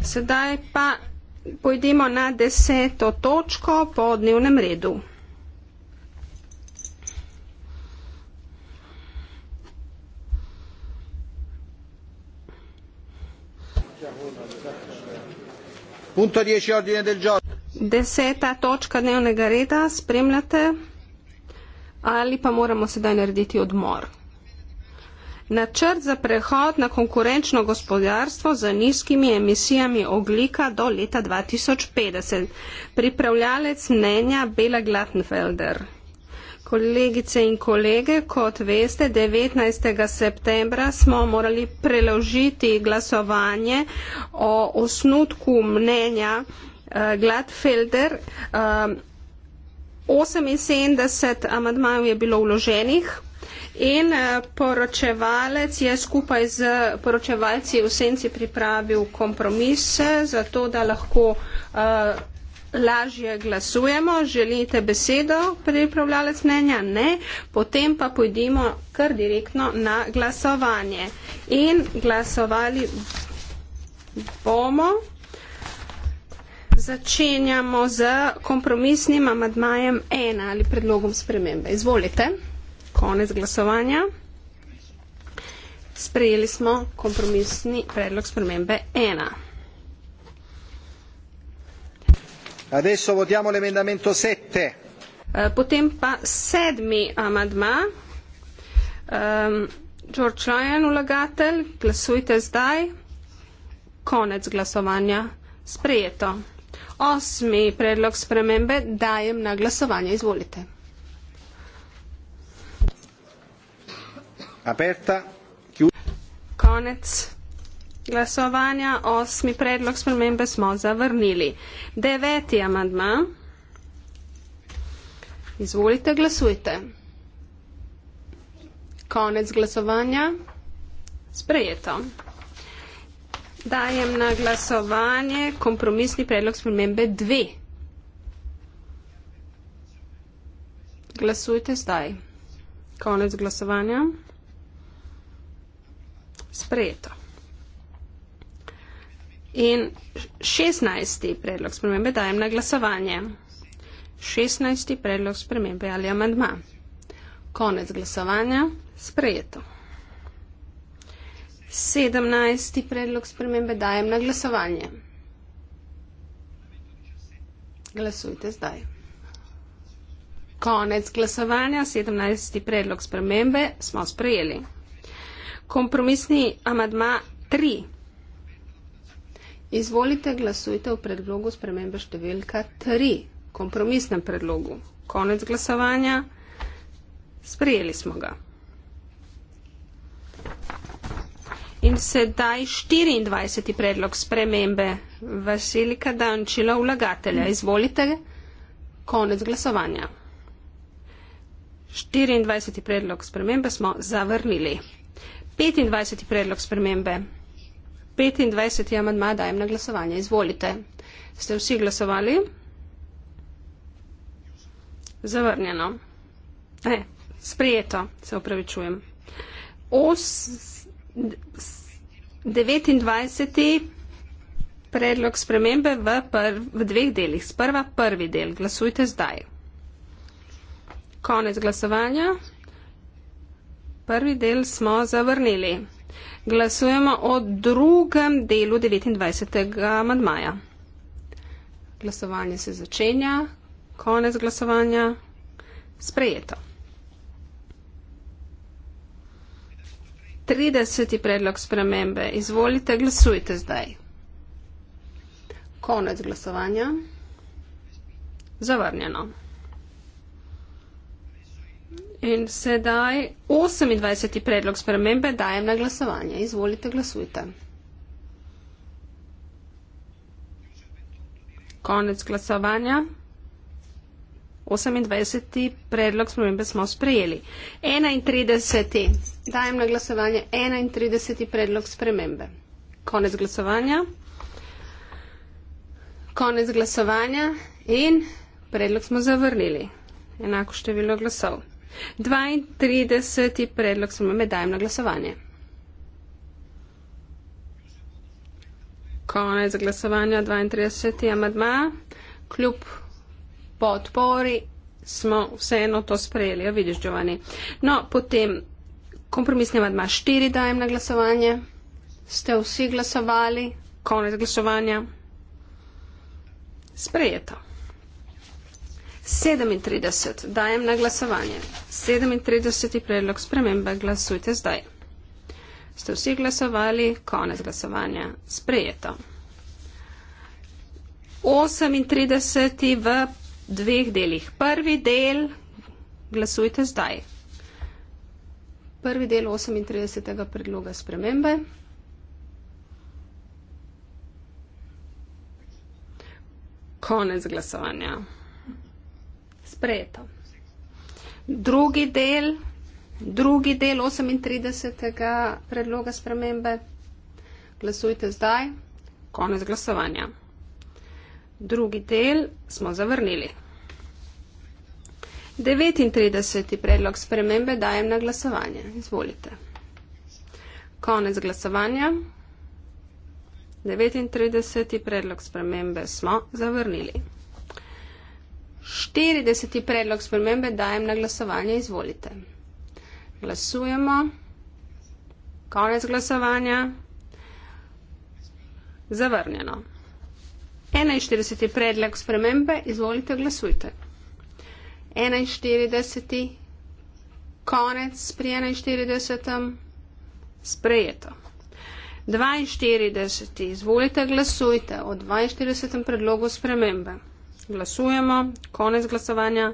Sedaj pa pojdemo na deseto točko po dnevnem redu. Punto 10 ordine del giorno deseta točka dnevnega reda, spremljate ali pa moramo sedaj narediti odmor. Načrt za prehod na konkurenčno gospodarstvo za nizkimi emisijami oglika do leta 2050. Pripravljalec mnenja Bela Glattenfelder. Kolegice in kolege, kot veste, 19. septembra smo morali preložiti glasovanje o osnutku mnenja glad filter. Um, 78 amadmajev je bilo vloženih in uh, poročevalec je skupaj z poročevalci v senci pripravil kompromise, zato da lahko uh, lažje glasujemo. Želite besedo, pripravljalec mnenja? Ne. Potem pa pojdimo kar direktno na glasovanje. In glasovali bomo. Začenjamo z kompromisnim amadmajem ena ali predlogom spremembe. Izvolite, konec glasovanja. Sprejeli smo kompromisni predlog spremembe ena. Adesso votiamo l'emendamento 7. Eh, potem pa sedmi amadma. Um, George Ryan, vlagatelj, glasujte zdaj. Konec glasovanja. Sprejeto. Osmi predlog spremembe dajem na glasovanje. Izvolite. Aperta. Konec glasovanja. Osmi predlog spremembe smo zavrnili. Deveti amadma. Izvolite, glasujte. Konec glasovanja. Sprejeto. Dajem na glasovanje kompromisni predlog spremembe 2. Glasujte zdaj. Konec glasovanja. Sprejeto. In 16. predlog spremembe dajem na glasovanje. 16. predlog spremembe ali amandma. Konec glasovanja. Sprejeto. 17. predlog spremembe dajem na glasovanje. Glasujte zdaj. Konec glasovanja, 17. predlog spremembe smo sprejeli. Kompromisni amadma 3. Izvolite, glasujte v predlogu spremembe številka 3. Kompromisnem predlogu. Konec glasovanja. Sprejeli smo ga. In sedaj 24. predlog spremembe Vasilika Dančila vlagatelja. Izvolite, konec glasovanja. 24. predlog spremembe smo zavrnili. 25. predlog spremembe. 25. amadma dajem na glasovanje. Izvolite. Ste vsi glasovali? Zavrnjeno. Ne, sprijeto, se upravičujem. Os devetindvajset predlog spremembe v, v dveh delih. Sprva prvi del. Glasujte zdaj. Konec glasovanja. Prvi del smo zavrnili. Glasujemo o drugem delu 29. amadmaja. Glasovanje se začenja. Konec glasovanja. Sprejeto. 30. predlog spremembe. Izvolite, glasujte zdaj. Konec glasovanja. Zavrnjeno. In sedaj 28. predlog spremembe dajem na glasovanje. Izvolite, glasujte. Konec glasovanja. 28. predlog spremembe smo sprejeli. 31. dajem na glasovanje 31. predlog spremembe. Konec glasovanja. Konec glasovanja in predlog smo zavrnili. Enako število glasov. 32. predlog spremembe dajem na glasovanje. Konec glasovanja 32. amadma. Kljub podpori smo vseeno to sprejeli, jo ja, vidiš, Giovanni. No, potem kompromisni vadma štiri dajem na glasovanje. Ste vsi glasovali, konec glasovanja. Sprejeto. 37 dajem na glasovanje. 37. predlog spremembe, glasujte zdaj. Ste vsi glasovali, konec glasovanja. Sprejeto. 38. v dveh delih. Prvi del, glasujte zdaj. Prvi del 38. predloga spremembe. Konec glasovanja. Sprejeto. Drugi del, drugi del 38. predloga spremembe. Glasujte zdaj. Konec glasovanja drugi del smo zavrnili. 39. predlog spremembe dajem na glasovanje. Izvolite. Konec glasovanja. 39. predlog spremembe smo zavrnili. 40. predlog spremembe dajem na glasovanje. Izvolite. Glasujemo. Konec glasovanja. Zavrnjeno enainštirideseti predlog spremembe izvolite glasujte enainštirideseti konec pri enainštiridesetem sprejeto dvainštirideseti izvolite glasujte o dvainštiridesetem predlogu spremembe glasujemo konec glasovanja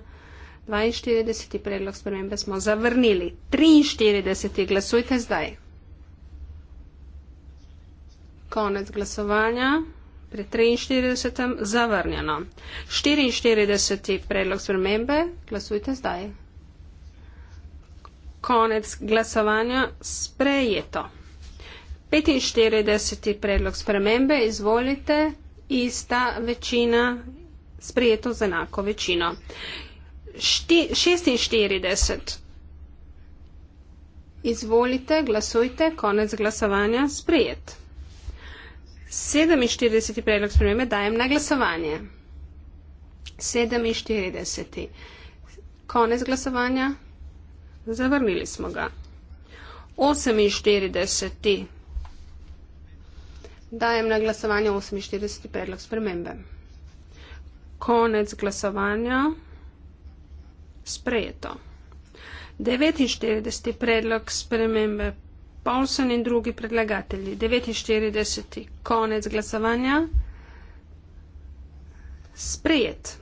42. predlog spremembe smo zavrnili. 43. glasujte zdaj. Konec glasovanja pri 43. zavrnjeno. 44. predlog spremembe, glasujte zdaj. Konec glasovanja sprejeto. 45. predlog spremembe, izvolite, ista večina, sprejeto z enako večino. Šti, 46. Izvolite, glasujte, konec glasovanja sprejeto. 47. predlog spremembe dajem na glasovanje. 47. Konec glasovanja. Zavrnili smo ga. 48. Dajem na glasovanje 48. predlog spremembe. Konec glasovanja. Sprejeto. 49. predlog spremembe Paulsen in drugi predlagatelji. 49. konec glasovanja. Sprejet.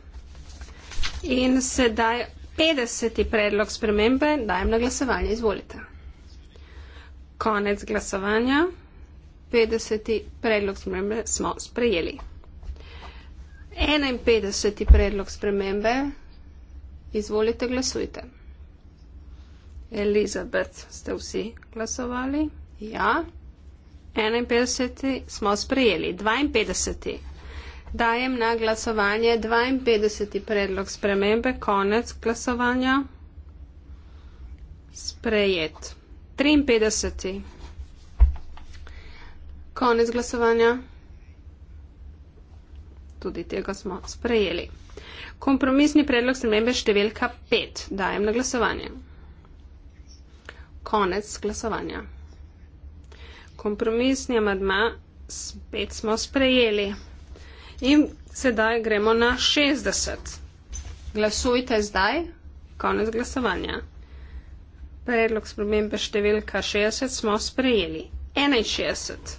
In sedaj 50. predlog spremembe dajem na glasovanje. Izvolite. Konec glasovanja. 50. predlog spremembe smo sprejeli. 51. predlog spremembe. Izvolite, glasujte. Elizabeth ste vsi glasovali? Ja. 51 smo sprejeli. 52. Dajem na glasovanje 52. predlog spremembe. Konec glasovanja. Sprejet. 53. Konec glasovanja. Tudi tega smo sprejeli. Kompromisni predlog spremembe številka 5. Dajem na glasovanje konec glasovanja. Kompromisni amadma spet smo sprejeli. In sedaj gremo na 60. Glasujte zdaj, konec glasovanja. Predlog spremembe številka 60 smo sprejeli. 61.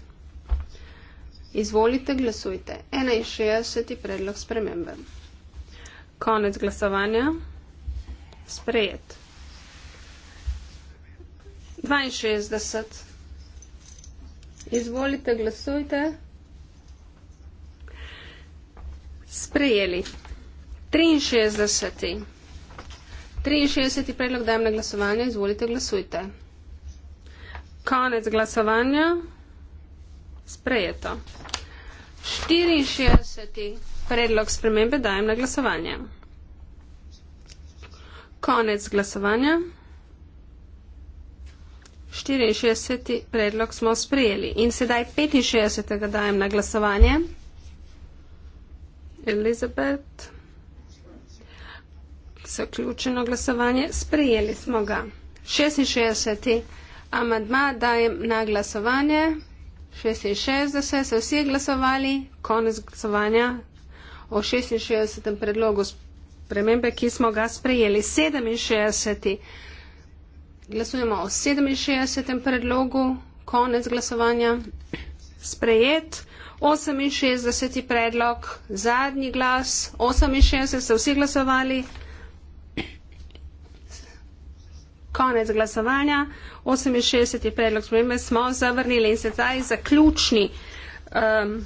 Izvolite, glasujte. 61. predlog spremembe. Konec glasovanja. Sprejet dvainšestdeset izvolite glasujte sprejeli triinšestdeseti triinšestdeseti predlog dajem na glasovanje izvolite glasujte konec glasovanja sprejeto štiriinšestdeseti predlog spremembe dajem na glasovanje konec glasovanja 64. predlog smo sprejeli. In sedaj 65. dajem na glasovanje. Elizabet. Zaključeno glasovanje. Sprejeli smo ga. 66. amadma dajem na glasovanje. 66. Se vsi glasovali. Konec glasovanja o 66. predlogu spremembe, ki smo ga sprejeli. 67. Glasujemo o 67. predlogu, konec glasovanja. Sprejet. 68. predlog, zadnji glas, 68. ste vsi glasovali. Konec glasovanja. 68. predlog spremembe smo zavrnili in se zdaj zaključni. Um,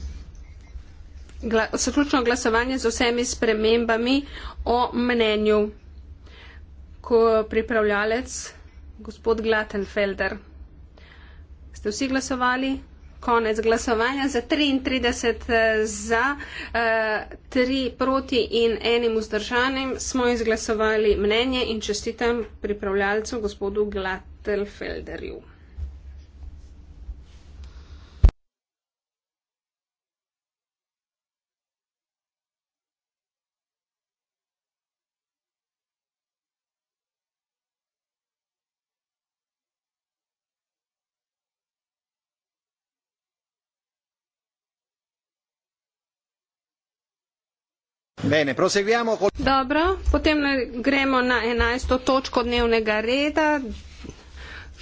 Zaključno glasovanje z vsemi spremembami o mnenju, ko pripravljalec gospod Glatenfelder. Ste vsi glasovali? Konec glasovanja za 33 eh, za, 3 eh, proti in enim vzdržanim smo izglasovali mnenje in čestitam pripravljalcu gospodu Glatelfelderju. Bene, proseguiamo con... Dobro, potem gremo na 11. točko dnevnega reda.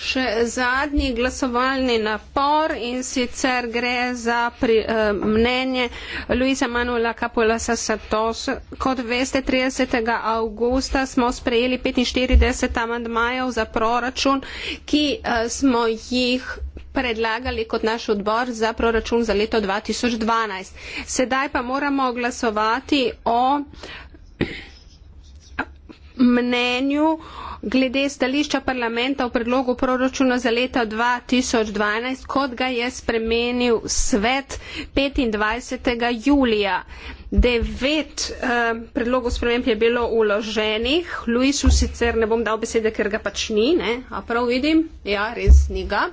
Še zadnji glasovalni napor in sicer gre za pri, uh, mnenje Luisa Manuela Capolasa Satos. Kot veste, 30. augusta smo sprejeli 45 amandmajev za proračun, ki uh, smo jih predlagali kot naš odbor za proračun za leto 2012. Sedaj pa moramo glasovati o mnenju glede stališča parlamenta o predlogu proračuna za leto 2012, kot ga je spremenil svet 25. julija. Devet uh, predlogov sprememb je bilo uloženih. Luisu sicer ne bom dal besede, ker ga pač ni, ne? a prav vidim, ja, res ni ga.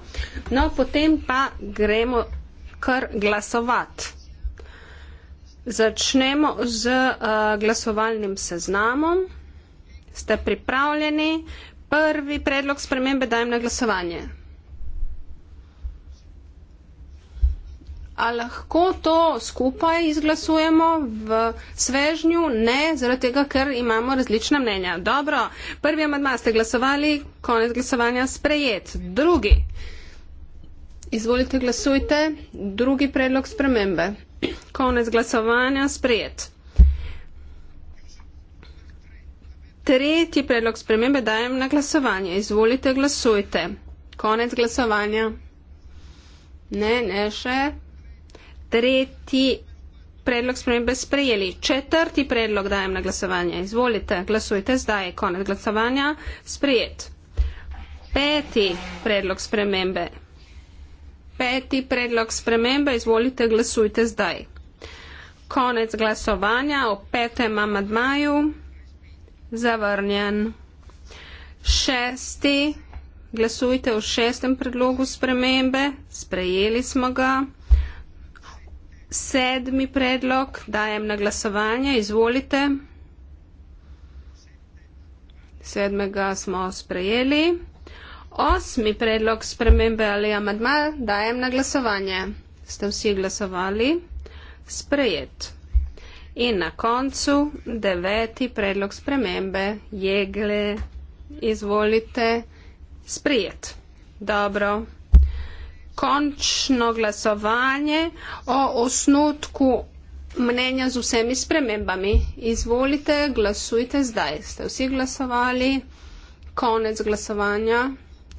No, potem pa gremo kar glasovati. Začnemo z uh, glasovalnim seznamom. Ste pripravljeni? Prvi predlog spremembe dajem na glasovanje. A lahko to skupaj izglasujemo v svežnju? Ne, zaradi tega, ker imamo različna mnenja. Dobro, prvi amadma ste glasovali, konec glasovanja sprejet. Drugi. Izvolite, glasujte. Drugi predlog spremembe. Konec glasovanja sprejet. Tretji predlog spremembe dajem na glasovanje. Izvolite, glasujte. Konec glasovanja. Ne, ne še. Tretji predlog spremembe sprejeli. Četrti predlog dajem na glasovanje. Izvolite, glasujte zdaj. Konec glasovanja. Sprejet. Peti predlog spremembe. Peti predlog spremembe. Izvolite, glasujte zdaj. Konec glasovanja o petem amadmaju. Zavrnjen. Šesti. Glasujte o šestem predlogu spremembe. Sprejeli smo ga. Sedmi predlog dajem na glasovanje. Izvolite. Sedmega smo sprejeli. Osmi predlog spremembe ali amadma dajem na glasovanje. Ste vsi glasovali? Sprejet. In na koncu deveti predlog spremembe jegle izvolite sprijet. Dobro. Končno glasovanje o osnutku mnenja z vsemi spremembami. Izvolite, glasujte zdaj. Ste vsi glasovali? Konec glasovanja.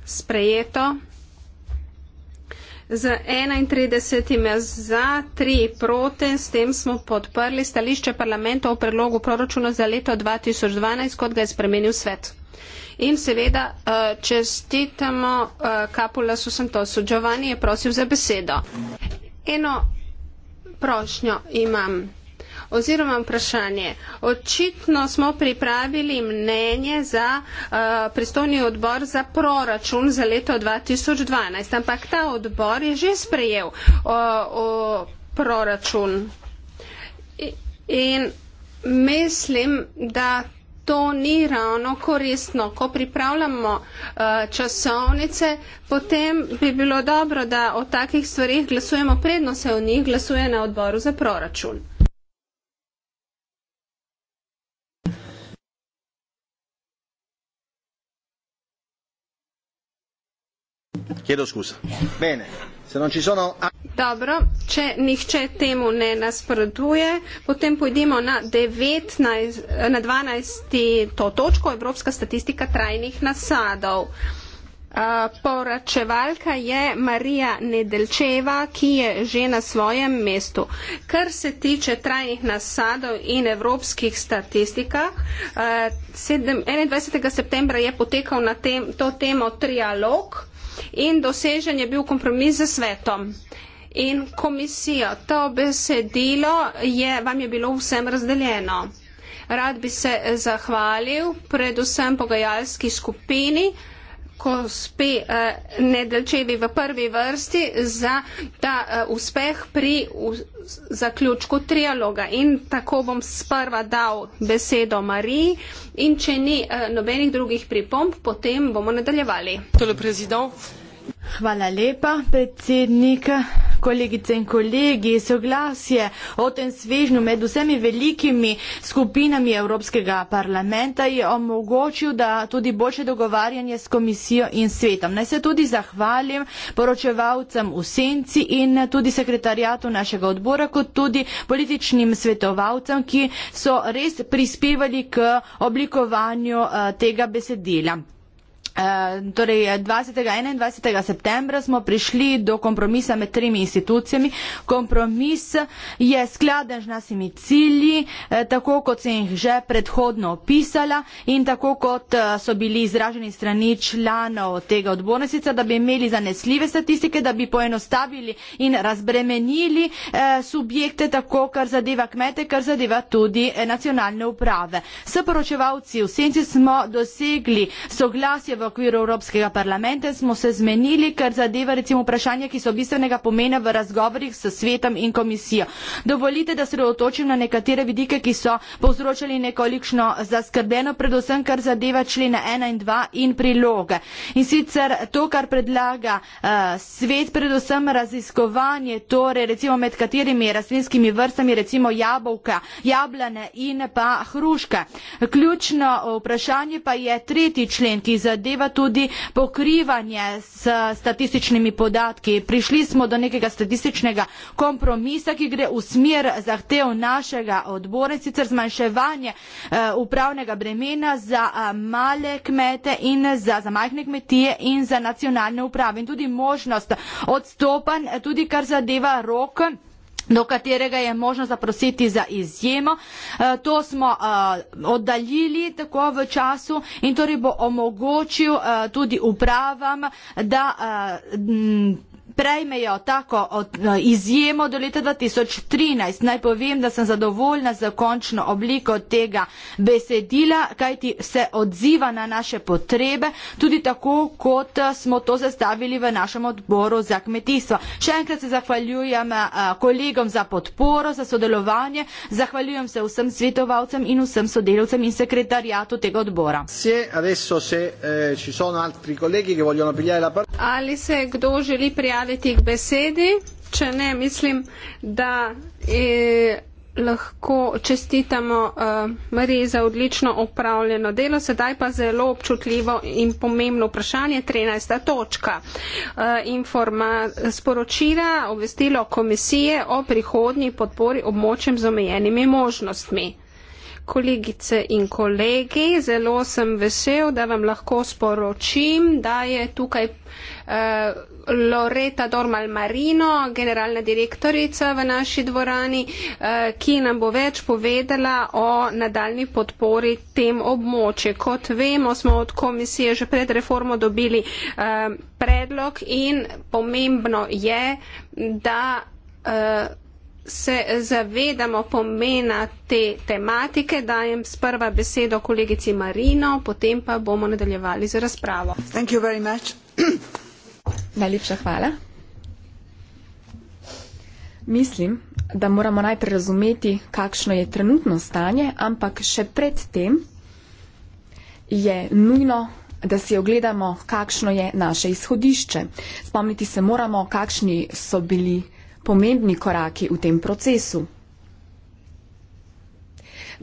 Sprejeto z 31 za 3 proti, s tem smo podprli stališče parlamenta o predlogu proračuna za leto 2012, kot ga je spremenil svet. In seveda eh, čestitamo eh, Kapula Susantosu. Giovanni je prosil za besedo. Eno prošnjo imam oziroma vprašanje. Očitno smo pripravili mnenje za uh, pristojni odbor za proračun za leto 2012, ampak ta odbor je že sprejel uh, uh, proračun. In mislim, da to ni ravno koristno. Ko pripravljamo uh, časovnice, potem bi bilo dobro, da o takih stvarih glasujemo prednose o njih glasuje na odboru za proračun. Chiedo scusa. Bene, se non ci sono... Dobro, če nihče temu ne nasprotuje, potem pojdimo na, 19, na 12. To točko Evropska statistika trajnih nasadov. Uh, poračevalka je Marija Nedelčeva, ki je že na svojem mestu. Kar se tiče trajnih nasadov in evropskih statistikah, uh, 21. septembra je potekal na tem, to temo trialog, uh, in dosežen je bil kompromis z svetom. In komisijo, to besedilo je, vam je bilo vsem razdeljeno. Rad bi se zahvalil predvsem pogajalski skupini ko spe uh, nedelčevi v prvi vrsti za ta uh, uspeh pri v, zaključku trialoga. In tako bom sprva dal besedo Mariji in če ni uh, nobenih drugih pripomb, potem bomo nadaljevali. Tole prezidov. Hvala lepa, predsednik. Kolegice in kolegi, soglasje o tem svežnju med vsemi velikimi skupinami Evropskega parlamenta je omogočil, da tudi boljše dogovarjanje s komisijo in svetom. Naj se tudi zahvalim poročevalcem v senci in tudi sekretarjatu našega odbora, kot tudi političnim svetovalcem, ki so res prispevali k oblikovanju eh, tega besedila. Eh, torej, 20. in 21. septembra smo prišli do kompromisa med trimi institucijami. Kompromis je skladen z našimi cilji, eh, tako kot sem jih že predhodno opisala in tako kot eh, so bili izraženi strani članov tega odbornica, da bi imeli zanesljive statistike, da bi poenostavili in razbremenili subjekte, tako kar zadeva kmete, kar zadeva tudi nacionalne uprave. S poročevalci v senci smo dosegli soglasje v okviru Evropskega parlamenta in smo se zmenili, ker zadeva recimo vprašanja, ki so bistvenega pomena v razgovorih s svetom in komisijo. Dovolite, da se dotočim na nekatere vidike, ki so povzročali nekolikšno zaskrbljeno, predvsem kar zadeva člena 1 in 2 in priloge. In sicer to, kar predlaga uh, svet, predvsem raziskovanje, torej recimo med katerimi rastlinskimi vrstami, recimo jabolka, jablane in pa hruške. Ključno vprašanje pa je tretji člen, ki zadeva zahteva tudi pokrivanje s statističnimi podatki. Prišli smo do nekega statističnega kompromisa, ki gre v smer zahtev našega odbora, sicer zmanjševanje eh, upravnega bremena za eh, male kmete in za, za majhne kmetije in za nacionalne uprave in tudi možnost odstopanj, tudi kar zadeva rok do katerega je možno zaprositi za izjemo. Eh, to smo eh, oddaljili tako v času in torej bo omogočil eh, tudi upravam, da prejmejo tako od, no, izjemo do leta 2013. Naj povem, da sem zadovoljna z končno obliko tega besedila, kajti se odziva na naše potrebe, tudi tako, kot eh, smo to zastavili v našem odboru za kmetijstvo. Še enkrat se zahvaljujem eh, kolegom za podporo, za sodelovanje, zahvaljujem se vsem svetovalcem in vsem sodelovcem in sekretarjatu tega odbora. Se, adesso, se, eh, Ali se kdo želi prijaviti? prijaviti k besedi. Če ne, mislim, da eh, lahko čestitamo uh, Mariji za odlično opravljeno delo. Sedaj pa zelo občutljivo in pomembno vprašanje. 13. točka. Uh, informa, sporočila obvestilo komisije o prihodnji podpori območjem z omejenimi možnostmi kolegice in kolegi. Zelo sem vesel, da vam lahko sporočim, da je tukaj uh, Loreta Dormal Marino, generalna direktorica v naši dvorani, uh, ki nam bo več povedala o nadaljni podpori tem območje. Kot vemo, smo od komisije že pred reformo dobili uh, predlog in pomembno je, da. Uh, se zavedamo pomena te tematike. Dajem sprva besedo kolegici Marino, potem pa bomo nadaljevali z razpravo. Najlepša hvala. Mislim, da moramo najprej razumeti, kakšno je trenutno stanje, ampak še pred tem je nujno, da si ogledamo, kakšno je naše izhodišče. Spomniti se moramo, kakšni so bili pomembni koraki v tem procesu.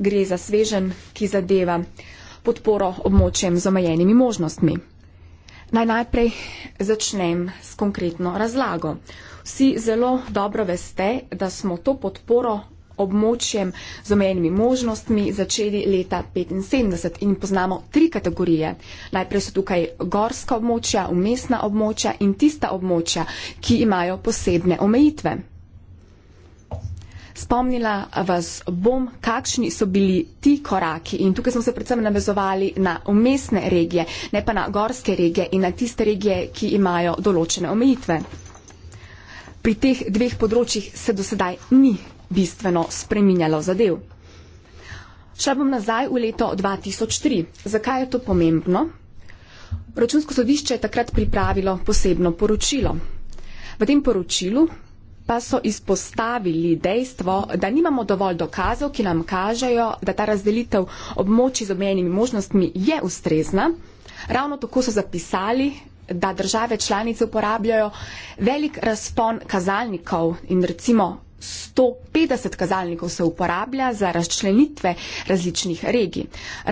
Gre za svežen, ki zadeva podporo območjem z omejenimi možnostmi. Naj najprej začnem s konkretno razlago. Vsi zelo dobro veste, da smo to podporo območjem z omenjenimi možnostmi začeli leta 1975 in poznamo tri kategorije. Najprej so tukaj gorska območja, umestna območja in tista območja, ki imajo posebne omejitve. Spomnila vas bom, kakšni so bili ti koraki in tukaj smo se predvsem navezovali na umestne regije, ne pa na gorske regije in na tiste regije, ki imajo določene omejitve. Pri teh dveh področjih se do sedaj ni bistveno spreminjalo zadev. Še bom nazaj v leto 2003. Zakaj je to pomembno? Računsko sodišče je takrat pripravilo posebno poročilo. V tem poročilu pa so izpostavili dejstvo, da nimamo dovolj dokazov, ki nam kažejo, da ta razdelitev območij z omenjenimi možnostmi je ustrezna. Ravno tako so zapisali, da države članice uporabljajo velik razpon kazalnikov in recimo 150 kazalnikov se uporablja za razčlenitve različnih regij.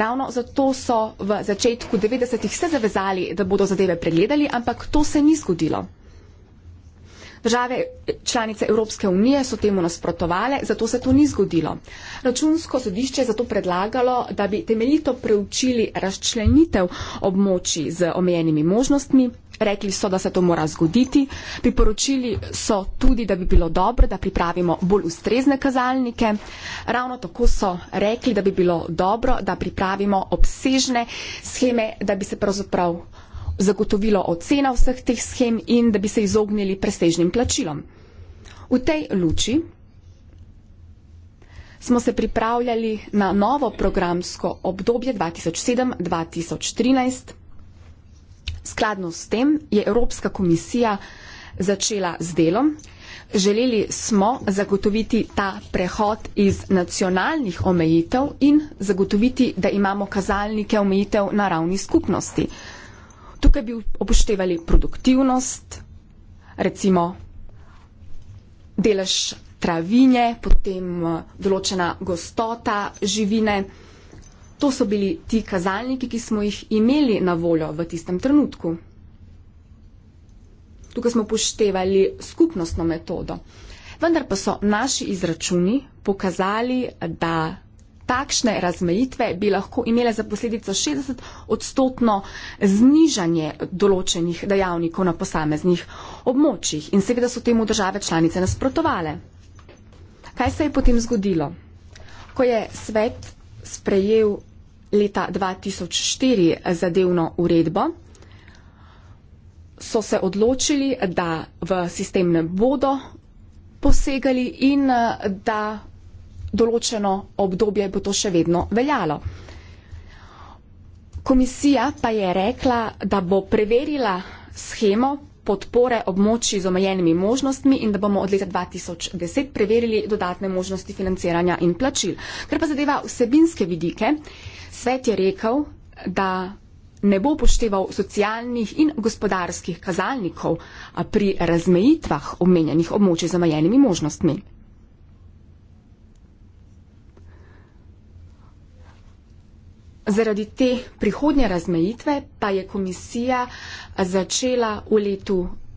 Ravno zato so v začetku 90-ih se zavezali, da bodo zadeve pregledali, ampak to se ni zgodilo. Države članice Evropske unije so temu nasprotovale, zato se to ni zgodilo. Računsko sodišče je zato predlagalo, da bi temeljito preučili razčlenitev območij z omejenimi možnostmi. Rekli so, da se to mora zgoditi. Priporočili so tudi, da bi bilo dobro, da pripravimo bolj ustrezne kazalnike. Ravno tako so rekli, da bi bilo dobro, da pripravimo obsežne scheme, da bi se pravzaprav zagotovilo ocena vseh teh schem in da bi se izognili presežnim plačilom. V tej luči smo se pripravljali na novo programsko obdobje 2007-2013. Skladno s tem je Evropska komisija začela z delom. Želeli smo zagotoviti ta prehod iz nacionalnih omejitev in zagotoviti, da imamo kazalnike omejitev na ravni skupnosti. Tukaj bi upoštevali produktivnost, recimo delež travinje, potem eh, določena gostota živine. To so bili ti kazalniki, ki smo jih imeli na voljo v tistem trenutku. Tukaj smo upoštevali skupnostno metodo. Vendar pa so naši izračuni pokazali, da takšne razmejitve bi lahko imele za posledico 60 odstotno znižanje določenih dejavnikov na posameznih območjih. In seveda so temu države članice nasprotovale. Kaj se je potem zgodilo? Ko je svet sprejel leta 2004 zadevno uredbo, so se odločili, da v sistem ne bodo posegali in da določeno obdobje bo to še vedno veljalo. Komisija pa je rekla, da bo preverila schemo podpore območji z omejenimi možnostmi in da bomo od leta 2010 preverili dodatne možnosti financiranja in plačil. Ker pa zadeva vsebinske vidike, svet je rekel, da ne bo upošteval socialnih in gospodarskih kazalnikov pri razmejitvah omenjenih območij z omejenimi možnostmi. Zaradi te prihodnje razmejitve pa je komisija začela v letu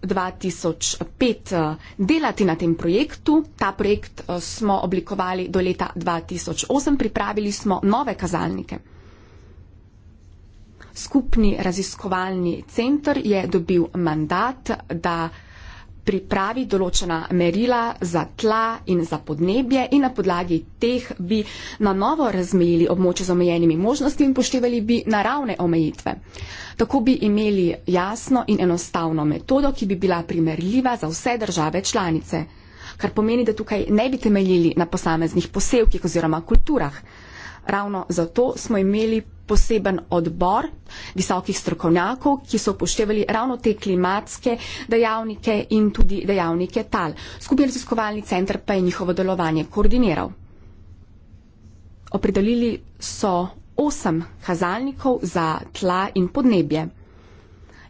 2005 eh, delati na tem projektu. Ta projekt eh, smo oblikovali do leta 2008, pripravili smo nove kazalnike. Skupni raziskovalni center je dobil mandat, da pripravi določena merila za tla in za podnebje in na podlagi teh bi na novo razmejili območje z omejenimi možnostmi in poštevali bi naravne omejitve. Tako bi imeli jasno in enostavno metodo, ki bi bila primerljiva za vse države članice, kar pomeni, da tukaj ne bi temeljili na posameznih posevkih oziroma kulturah. Ravno zato smo imeli poseben odbor visokih strokovnjakov, ki so upoštevali ravno te klimatske dejavnike in tudi dejavnike tal. Skupni raziskovalni center pa je njihovo delovanje koordiniral. Opredelili so osem kazalnikov za tla in podnebje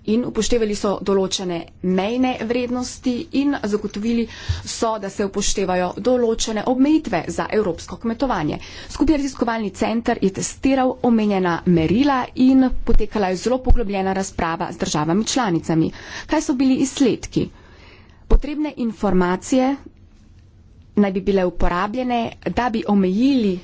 in upoštevali so določene mejne vrednosti in zagotovili so, da se upoštevajo določene omejitve za evropsko kmetovanje. Skupni raziskovalni center je testiral omenjena merila in potekala je zelo poglobljena razprava z državami članicami. Kaj so bili izsledki? Potrebne informacije naj bi bile uporabljene, da bi omejili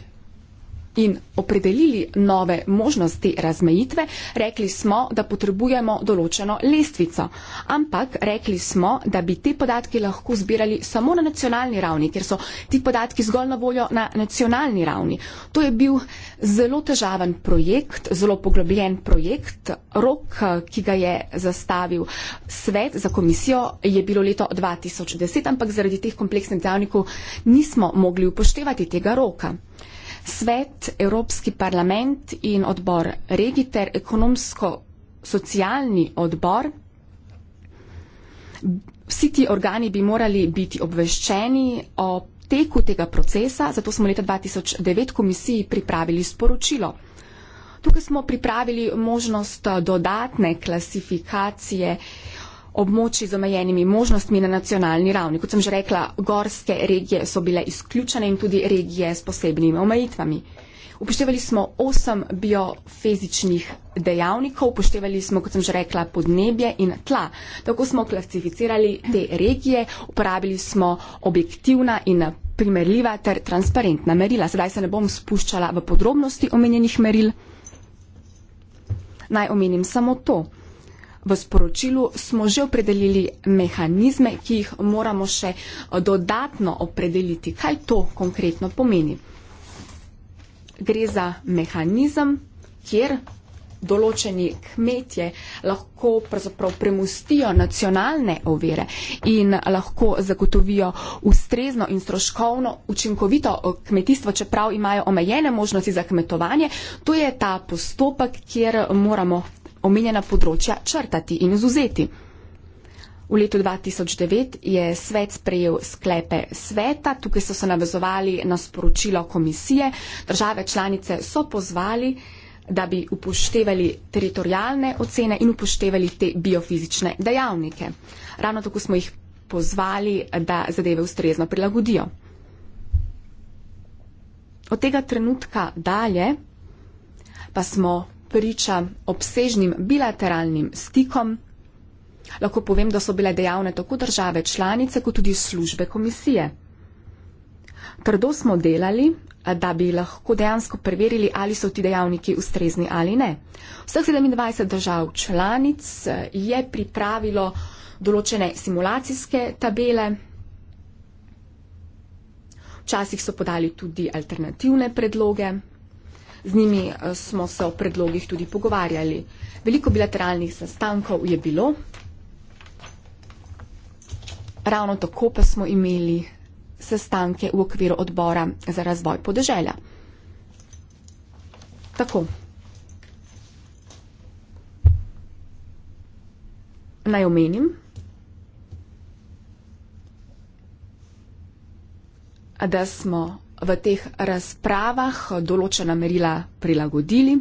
in opredelili nove možnosti razmejitve, rekli smo, da potrebujemo določeno lestvico. Ampak rekli smo, da bi te podatke lahko zbirali samo na nacionalni ravni, ker so ti podatki zgolj na voljo na nacionalni ravni. To je bil zelo težaven projekt, zelo poglobljen projekt. Rok, ki ga je zastavil svet za komisijo, je bilo leto 2010, ampak zaradi teh kompleksnih dejavnikov nismo mogli upoštevati tega roka. Svet, Evropski parlament in odbor Regiter, ekonomsko-socialni odbor. Vsi ti organi bi morali biti obveščeni o teku tega procesa, zato smo leta 2009 komisiji pripravili sporočilo. Tukaj smo pripravili možnost dodatne klasifikacije eh, območji z omejenimi možnostmi na nacionalni ravni. Kot sem že rekla, gorske regije so bile izključene in tudi regije s posebnimi omejitvami. Upoštevali smo osem biofizičnih dejavnikov, upoštevali smo, kot sem že rekla, podnebje in tla. Tako smo klasificirali te regije, uporabili smo objektivna in primerljiva ter transparentna merila. Sedaj se ne bom spuščala v podrobnosti omenjenih meril. Naj omenim samo to v sporočilu smo že opredelili mehanizme, ki jih moramo še eh, dodatno opredeliti. Kaj to konkretno pomeni? Gre za mehanizem, kjer določeni kmetje lahko premustijo nacionalne ovire in lahko zagotovijo ustrezno in stroškovno učinkovito eh, kmetijstvo, čeprav imajo omejene možnosti za kmetovanje. To je ta postopek, kjer moramo omenjena področja črtati in izuzeti. V letu 2009 je svet sprejel sklepe sveta, tukaj so se navezovali na sporočilo komisije. Države članice so pozvali, da bi upoštevali teritorijalne ocene in upoštevali te biofizične dejavnike. Ravno tako smo jih pozvali, da zadeve ustrezno prilagodijo. Od tega trenutka dalje pa smo priča obsežnim bilateralnim stikom. Lahko povem, da so bile dejavne tako države članice, kot tudi službe komisije. Trdo smo delali, da bi lahko dejansko preverili, ali so ti dejavniki ustrezni ali ne. Vseh 27 držav članic eh, je pripravilo določene simulacijske tabele. Včasih so podali tudi alternativne predloge. Z njimi eh, smo se o predlogih tudi pogovarjali. Veliko bilateralnih sestankov je bilo, ravno tako pa smo imeli sestanke v okviru odbora za razvoj podeželja. Tako. Naj omenim, da smo v teh razpravah določena merila prilagodili.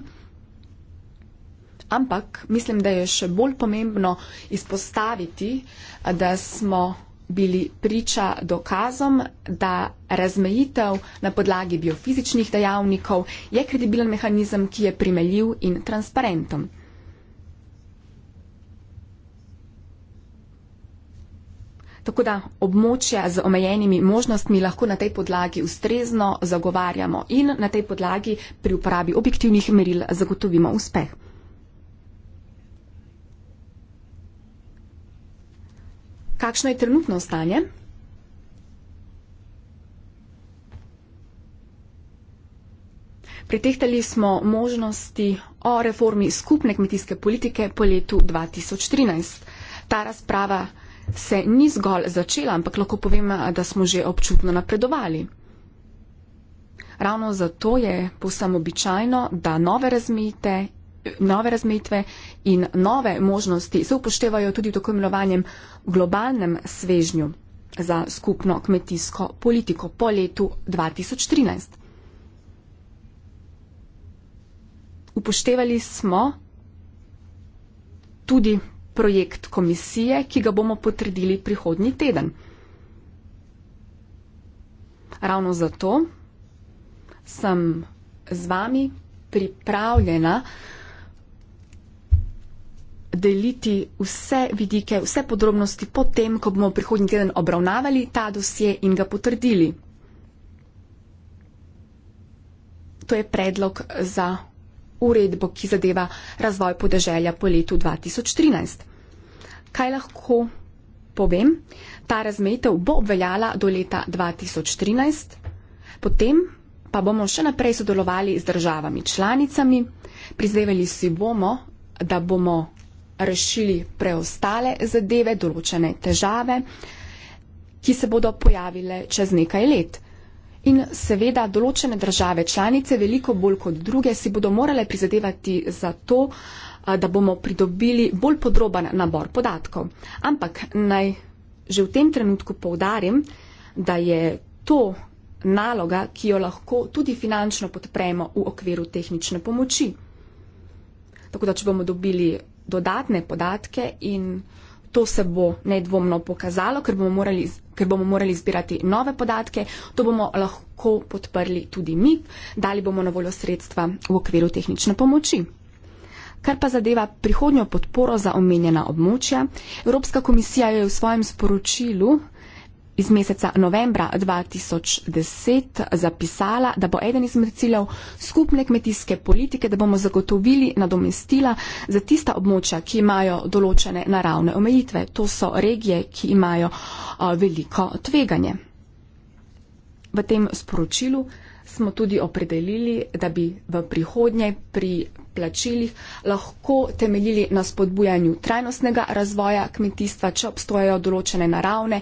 Ampak mislim, da je še bolj pomembno izpostaviti, da smo bili priča dokazom, da razmejitev na podlagi biofizičnih dejavnikov je kredibilen mehanizem, ki je primeljiv in transparenten. Tako da območja z omejenimi možnostmi lahko na tej podlagi ustrezno zagovarjamo in na tej podlagi pri uporabi objektivnih meril zagotovimo uspeh. Kakšno je trenutno stanje? Pretehtali smo možnosti o reformi skupne kmetijske politike po letu 2013. Ta razprava je se ni zgolj začela, ampak lahko povem, da smo že občutno napredovali. Ravno zato je povsem običajno, da nove razmete nove razmetve in nove možnosti se upoštevajo tudi v tako imenovanjem globalnem svežnju za skupno kmetijsko politiko po letu 2013. Upoštevali smo tudi projekt komisije, ki ga bomo potrdili prihodnji teden. Ravno zato sem z vami pripravljena deliti vse vidike, vse podrobnosti potem, ko bomo prihodnji teden obravnavali ta dosje in ga potrdili. To je predlog za uredbo, ki zadeva razvoj podeželja po letu 2013. Kaj lahko povem? Ta razmetev bo obveljala do leta 2013, potem pa bomo še naprej sodelovali z državami članicami. Prizdevali si bomo, da bomo rešili preostale zadeve, določene težave, ki se bodo pojavile čez nekaj let. In seveda določene države članice, veliko bolj kot druge, si bodo morale prizadevati za to, da bomo pridobili bolj podroben nabor podatkov. Ampak naj že v tem trenutku poudarim, da je to naloga, ki jo lahko tudi finančno podpremo v okviru tehnične pomoči. Tako da, če bomo dobili dodatne podatke in to se bo nedvomno pokazalo, ker bomo morali, ker bomo morali zbirati nove podatke. To bomo lahko podprli tudi mi, dali bomo na voljo sredstva v okviru tehnične pomoči. Kar pa zadeva prihodnjo podporo za omenjena območja, Evropska komisija jo je v svojem sporočilu iz meseca novembra 2010 zapisala, da bo eden izmed ciljev skupne kmetijske politike, da bomo zagotovili nadomestila za tista območja, ki imajo določene naravne omejitve. To so regije, ki imajo veliko tveganje. V tem sporočilu smo tudi opredelili, da bi v prihodnje pri plačilih lahko temeljili na spodbujanju trajnostnega razvoja kmetijstva, če obstojajo določene naravne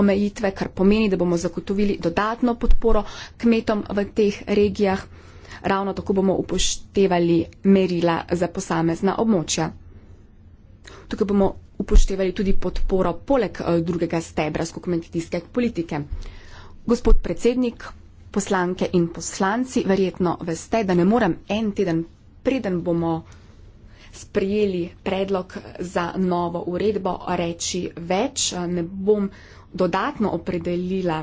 omejitve, kar pomeni, da bomo zagotovili dodatno podporo kmetom v teh regijah. Ravno tako bomo upoštevali merila za posamezna območja. Tukaj bomo upoštevali tudi podporo poleg eh, drugega stebra skokomentitijske politike. Gospod predsednik, poslanke in poslanci, verjetno veste, da ne morem en teden, preden bomo sprejeli predlog za novo uredbo, reči več. Ne bom dodatno opredelila,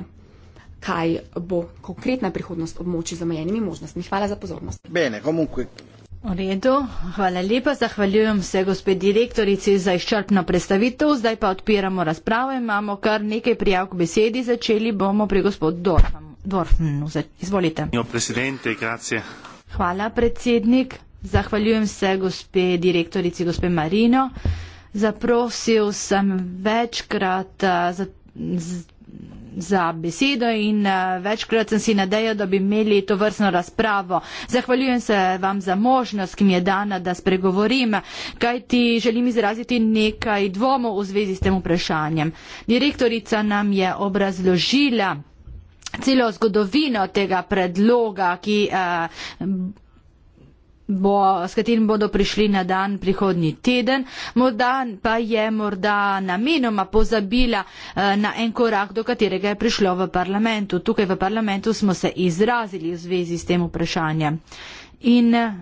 kaj bo konkretna prihodnost območij z omejenimi možnostmi. Hvala za pozornost. Bene, V redu, hvala lepa, zahvaljujem se gospe direktorici za izčrpno predstavitev, zdaj pa odpiramo razpravo, imamo kar nekaj prijav k besedi, začeli bomo pri gospodu Dorfamu. Dvorfnu. Izvolite. Hvala, predsednik. Zahvaljujem se gospe direktorici, gospe Marino. Zaprosil sem večkrat eh, za, za besedo in eh, večkrat sem si nadejal, da bi imeli to vrstno razpravo. Zahvaljujem se vam za možnost, ki mi je dana, da spregovorim, kaj ti želim izraziti nekaj dvomov v zvezi s tem vprašanjem. Direktorica nam je obrazložila, celo zgodovino tega predloga, ki, uh, bo, s katerim bodo prišli na dan prihodnji teden. Morda pa je morda namenoma pozabila uh, na en korak, do katerega je prišlo v parlamentu. Tukaj v parlamentu smo se izrazili v zvezi s tem vprašanjem. In, eh,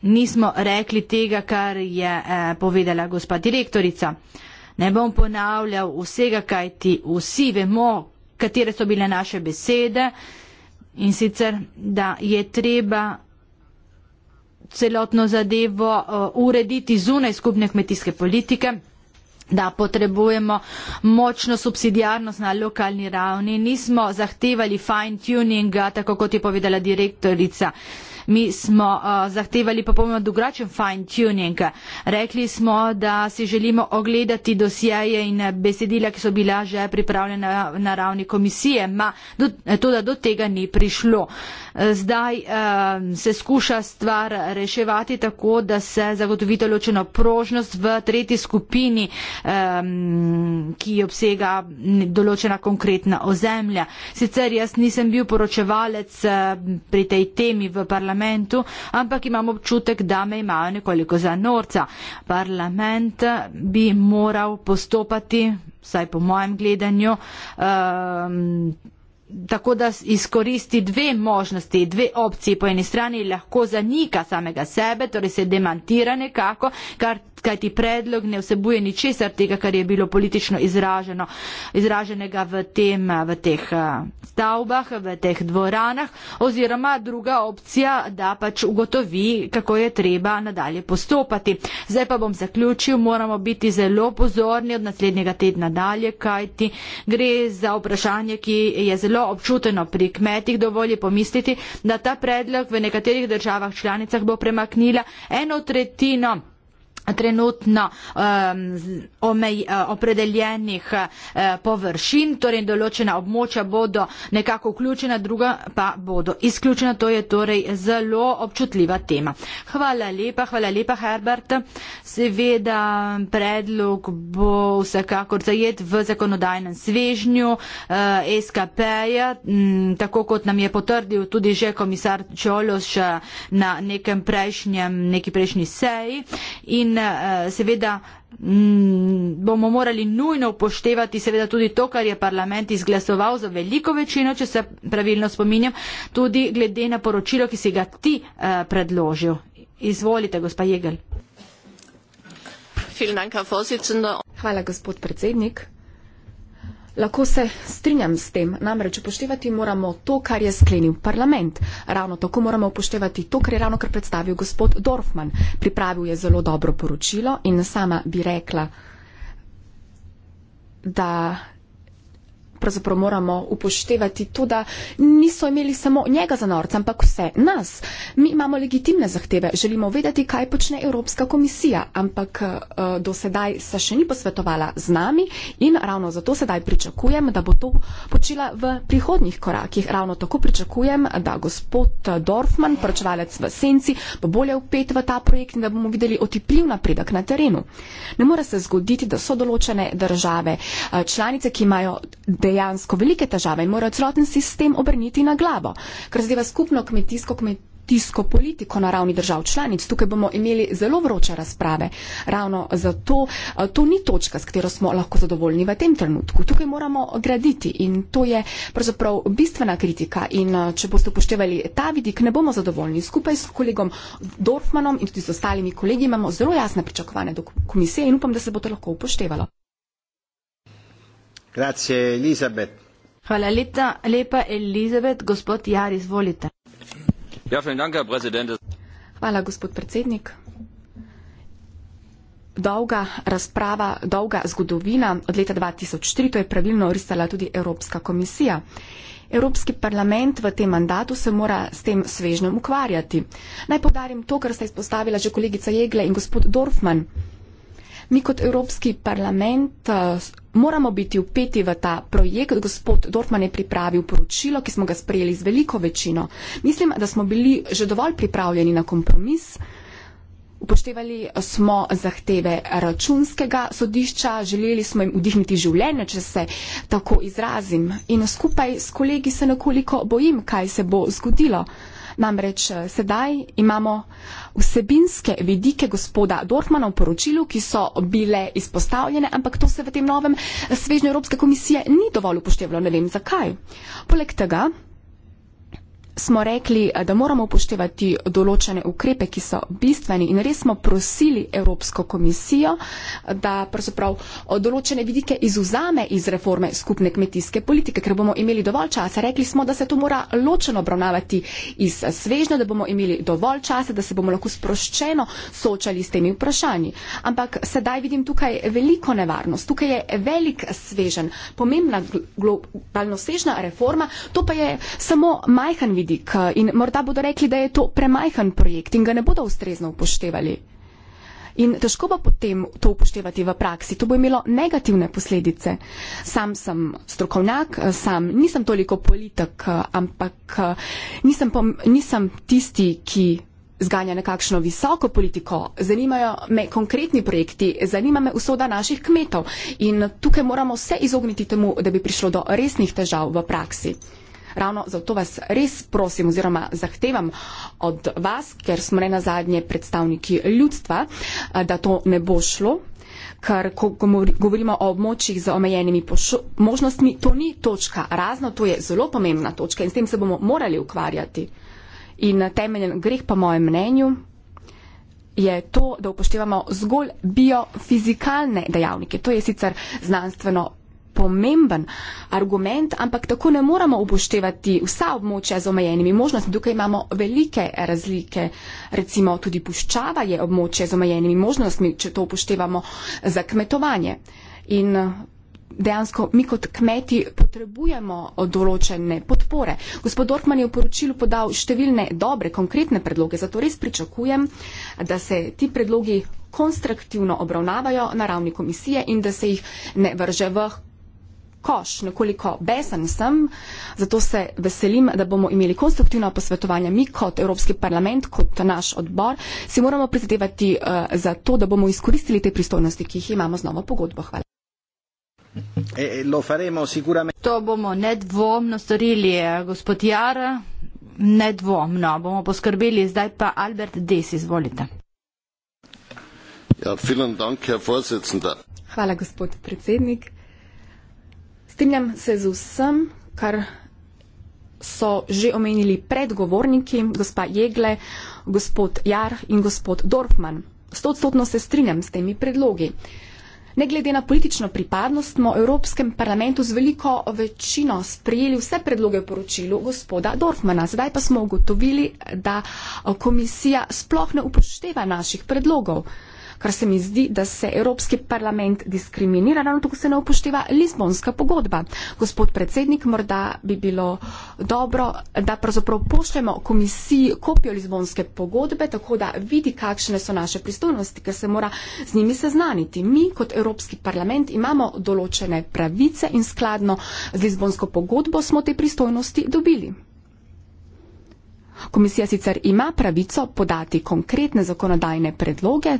Nismo rekli tega, kar je eh, povedala gospa direktorica. Ne bom ponavljal vsega, kaj ti vsi vemo, katere so bile naše besede in sicer, da je treba celotno zadevo uh, urediti zunaj skupne kmetijske politike da potrebujemo močno subsidijarnost na lokalni ravni. Nismo zahtevali fine tuninga, tako kot je povedala direktorica uh, Mi smo uh, zahtevali popolnoma drugačen fine tuning. Rekli smo, da si želimo ogledati dosjeje in besedila, ki so bila že pripravljena na ravni komisije, ma do, to, da do tega ni prišlo. Zdaj uh, se skuša stvar reševati tako, da se zagotovi določeno prožnost v tretji skupini, um, ki obsega določena konkretna ozemlja. Sicer jaz nisem bil poročevalec uh, pri tej temi v parlamentu, parlamentu, ampak imam občutek, da me imajo nekoliko za norca. Parlament eh, bi moral postopati, saj po mojem gledanju, um, tako da izkoristi dve možnosti, dve opcije. Po eni strani lahko zanika samega sebe, torej se demantira nekako, kar kajti predlog ne vsebuje ničesar tega, kar je bilo politično izraženo, izraženega v, tem, v teh eh, stavbah, v teh dvoranah oziroma druga opcija, da pač ugotovi, kako je treba nadalje postopati. Zdaj pa bom zaključil, moramo biti zelo pozorni od naslednjega tedna dalje, kajti gre za vprašanje, ki je zelo občuteno pri kmetih, dovolj je pomisliti, da ta predlog v nekaterih državah članicah bo premaknila eno tretjino trenutno um, omej, eh, opredeljenih uh, površin, torej določena območja bodo nekako vključena, druga pa bodo izključena. To je torej zelo občutljiva tema. Hvala lepa, hvala lepa, Herbert. Seveda predlog bo vsekakor zajet v zakonodajnem svežnju uh, eh, SKP-ja, mm, tako kot nam je potrdil tudi že komisar Čološ na nekem prejšnjem, neki prejšnji seji. In, Eh, seveda mm, bomo morali nujno upoštevati seveda tudi to, kar je parlament izglasoval za veliko večino, če se pravilno spominjam, tudi glede na poročilo, ki si ga ti eh, predložil. Izvolite, gospa Jegel. Hvala, gospod predsednik. Lahko se strinjam s tem, namreč upoštevati moramo to, kar je sklenil parlament. Ravno tako moramo upoštevati to, kar je ravno kar predstavil gospod Dorfman. Pripravil je zelo dobro poročilo in sama bi rekla, da pravzaprav moramo upoštevati to, da niso imeli samo njega za norca, ampak vse nas. Mi imamo legitimne zahteve, želimo vedeti, kaj počne Evropska komisija, ampak uh, do sedaj se še ni posvetovala z nami in ravno zato sedaj pričakujem, da bo to počela v prihodnjih korakih. Ravno tako pričakujem, da gospod Dorfman, pročevalec v senci, bo bolje upet v ta projekt in da bomo videli otipljiv napredek na terenu. Ne more se zgoditi, da so določene države eh, članice, ki imajo. De dejansko velike težave in morajo celoten sistem obrniti na glavo, ker zdaj skupno kmetijsko kmetijstvo tisko politiko na ravni držav članic. Tukaj bomo imeli zelo vroče razprave. Ravno zato eh, to ni točka, s katero smo lahko zadovoljni v tem trenutku. Tukaj moramo graditi in to je pravzaprav bistvena kritika. In eh, če boste upoštevali ta vidik, ne bomo zadovoljni. Skupaj s kolegom Dorfmanom in tudi z ostalimi kolegi imamo zelo jasne pričakovane do komisije in upam, da se bo to lahko upoštevalo. Grazie Elisabeth. Hvala leta, lepa Elizabeth, gospod Jar, izvolite. Ja, dank, Hvala, gospod predsednik. Dolga razprava, dolga zgodovina od leta 2003, to je pravilno risala tudi Evropska komisija. Evropski parlament v tem mandatu se mora s tem svežnjem ukvarjati. Naj podarim to, kar sta izpostavila že kolegica Jegle in gospod Dorfman. Mi kot Evropski parlament eh, moramo biti upeti v ta projekt. Gospod Dortman je pripravil poročilo, ki smo ga sprejeli z veliko večino. Mislim, da smo bili že dovolj pripravljeni na kompromis. Upoštevali smo zahteve računskega sodišča, želeli smo jim vdihniti življenje, če se tako izrazim. In skupaj s kolegi se nekoliko bojim, kaj se bo zgodilo. Namreč eh, sedaj imamo vsebinske vidike gospoda Dorfmana v poročilu, ki so bile izpostavljene, ampak to se v tem novem eh, svežnju Evropske komisije ni dovolj upoštevalo, ne vem zakaj. Poleg tega smo rekli, eh, da moramo upoštevati določene ukrepe, ki so bistveni in res smo prosili Evropsko komisijo, da pravzaprav eh, določene vidike izuzame iz reforme skupne kmetijske politike, ker bomo imeli dovolj časa. Rekli smo, da se to mora ločeno obravnavati iz eh, svežnja, da bomo imeli dovolj časa, da se bomo lahko sproščeno soočali s temi vprašanji. Ampak sedaj vidim tukaj veliko nevarnost. Tukaj je velik svežen, pomembna globalno svežna reforma, to pa je samo majhen vidik vidik in morda bodo rekli, da je to premajhen projekt in ga ne bodo ustrezno upoštevali. In težko bo potem to upoštevati v praksi, to bo imelo negativne posledice. Sam sem strokovnjak, sam nisem toliko politik, ampak nisem, pom, nisem tisti, ki zganja nekakšno visoko politiko. Zanimajo me konkretni projekti, zanima me usoda naših kmetov in tukaj moramo se izogniti temu, da bi prišlo do resnih težav v praksi. Ravno zato vas res prosim oziroma zahtevam od vas, ker smo ne na zadnje predstavniki ljudstva, da to ne bo šlo. Ker ko govorimo o območjih z omejenimi možnostmi, to ni točka razno, to je zelo pomembna točka in s tem se bomo morali ukvarjati. In temeljen greh, po mojem mnenju, je to, da upoštevamo zgolj biofizikalne dejavnike. To je sicer znanstveno pomemben argument, ampak tako ne moramo upoštevati vsa območja z omejenimi možnostmi. Tukaj imamo velike razlike. Recimo tudi puščava je območje z omejenimi možnostmi, če to upoštevamo za kmetovanje. In dejansko mi kot kmeti potrebujemo določene podpore. Gospod Dorkman je v poročilu podal številne dobre, konkretne predloge, zato res pričakujem, da se ti predlogi konstruktivno obravnavajo na ravni komisije in da se jih ne vrže v koš, nekoliko besen sem, zato se veselim, da bomo imeli konstruktivno posvetovanje. Mi kot Evropski parlament, kot naš odbor, si moramo prizadevati uh, za to, da bomo izkoristili te pristojnosti, ki jih imamo z novo pogodbo. Hvala. E, e, to bomo nedvomno storili, eh, gospod Jar, nedvomno bomo poskrbeli. Zdaj pa Albert Des, izvolite. Ja, Dank, Hvala, gospod predsednik strinjam se z vsem, kar so že omenili predgovorniki, gospa Jegle, gospod Jar in gospod Dorfman. Stotstotno se strinjam s temi predlogi. Ne glede na politično pripadnost, smo v Evropskem parlamentu z veliko večino sprijeli vse predloge v poročilu gospoda Dorfmana. Zdaj pa smo ugotovili, da komisija sploh ne upošteva naših predlogov kar se mi zdi, da se Evropski parlament diskriminira, ravno tako se ne upošteva Lizbonska pogodba. Gospod predsednik, morda bi bilo dobro, da pravzaprav pošljemo komisiji kopijo Lizbonske pogodbe, tako da vidi, kakšne so naše pristojnosti, ker se mora z njimi seznaniti. Mi kot Evropski parlament imamo določene pravice in skladno z Lizbonsko pogodbo smo te pristojnosti dobili. Komisija sicer ima pravico podati konkretne zakonodajne predloge,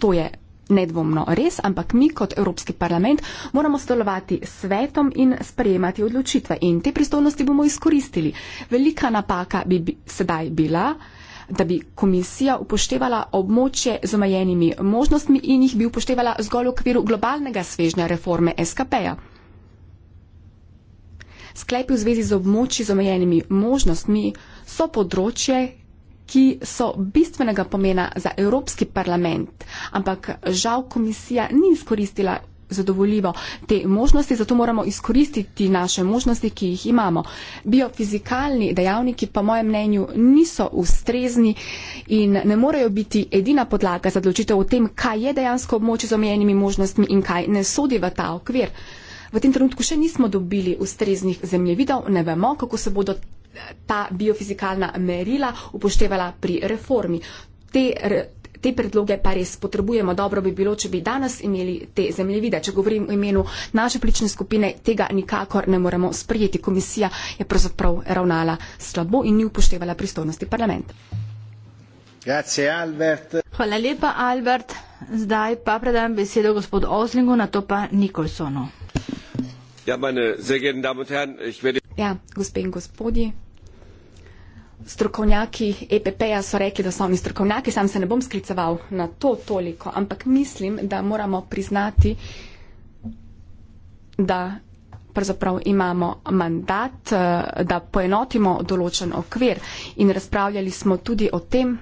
to je nedvomno res, ampak mi kot Evropski parlament moramo stolovati svetom in sprejemati odločitve in te pristojnosti bomo izkoristili. Velika napaka bi sedaj bila, da bi komisija upoštevala območje z omejenimi možnostmi in jih bi upoštevala zgolj v okviru globalnega svežnja reforme SKP-ja. Sklepi v zvezi z območji z omejenimi možnostmi so področje, ki so bistvenega pomena za Evropski parlament, ampak žal komisija ni izkoristila zadovoljivo te možnosti, zato moramo izkoristiti naše možnosti, ki jih imamo. Biofizikalni dejavniki pa mojem mnenju niso ustrezni in ne morejo biti edina podlaga za odločitev o tem, kaj je dejansko območje z omejenimi možnostmi in kaj ne sodi v ta okvir. V tem trenutku še nismo dobili ustreznih zemljevidov, ne vemo, kako se bodo ta biofizikalna merila upoštevala pri reformi. Te re Te predloge pa res potrebujemo. Dobro bi bilo, če bi danes imeli te zemljevide. Če govorim v imenu naše plične skupine, tega nikakor ne moremo sprijeti. Komisija je pravzaprav ravnala slabo in ni upoštevala pristojnosti parlament. Grazie, Hvala lepa, Albert. Zdaj pa predam besedo gospod Oslingu, na to pa Nikolsonu. Ja, ja, gospe in gospodje strokovnjaki EPP-ja so rekli, da so oni strokovnjaki, sam se ne bom skliceval na to toliko, ampak mislim, da moramo priznati, da pravzaprav imamo mandat, eh, da poenotimo določen okvir in razpravljali smo tudi o tem,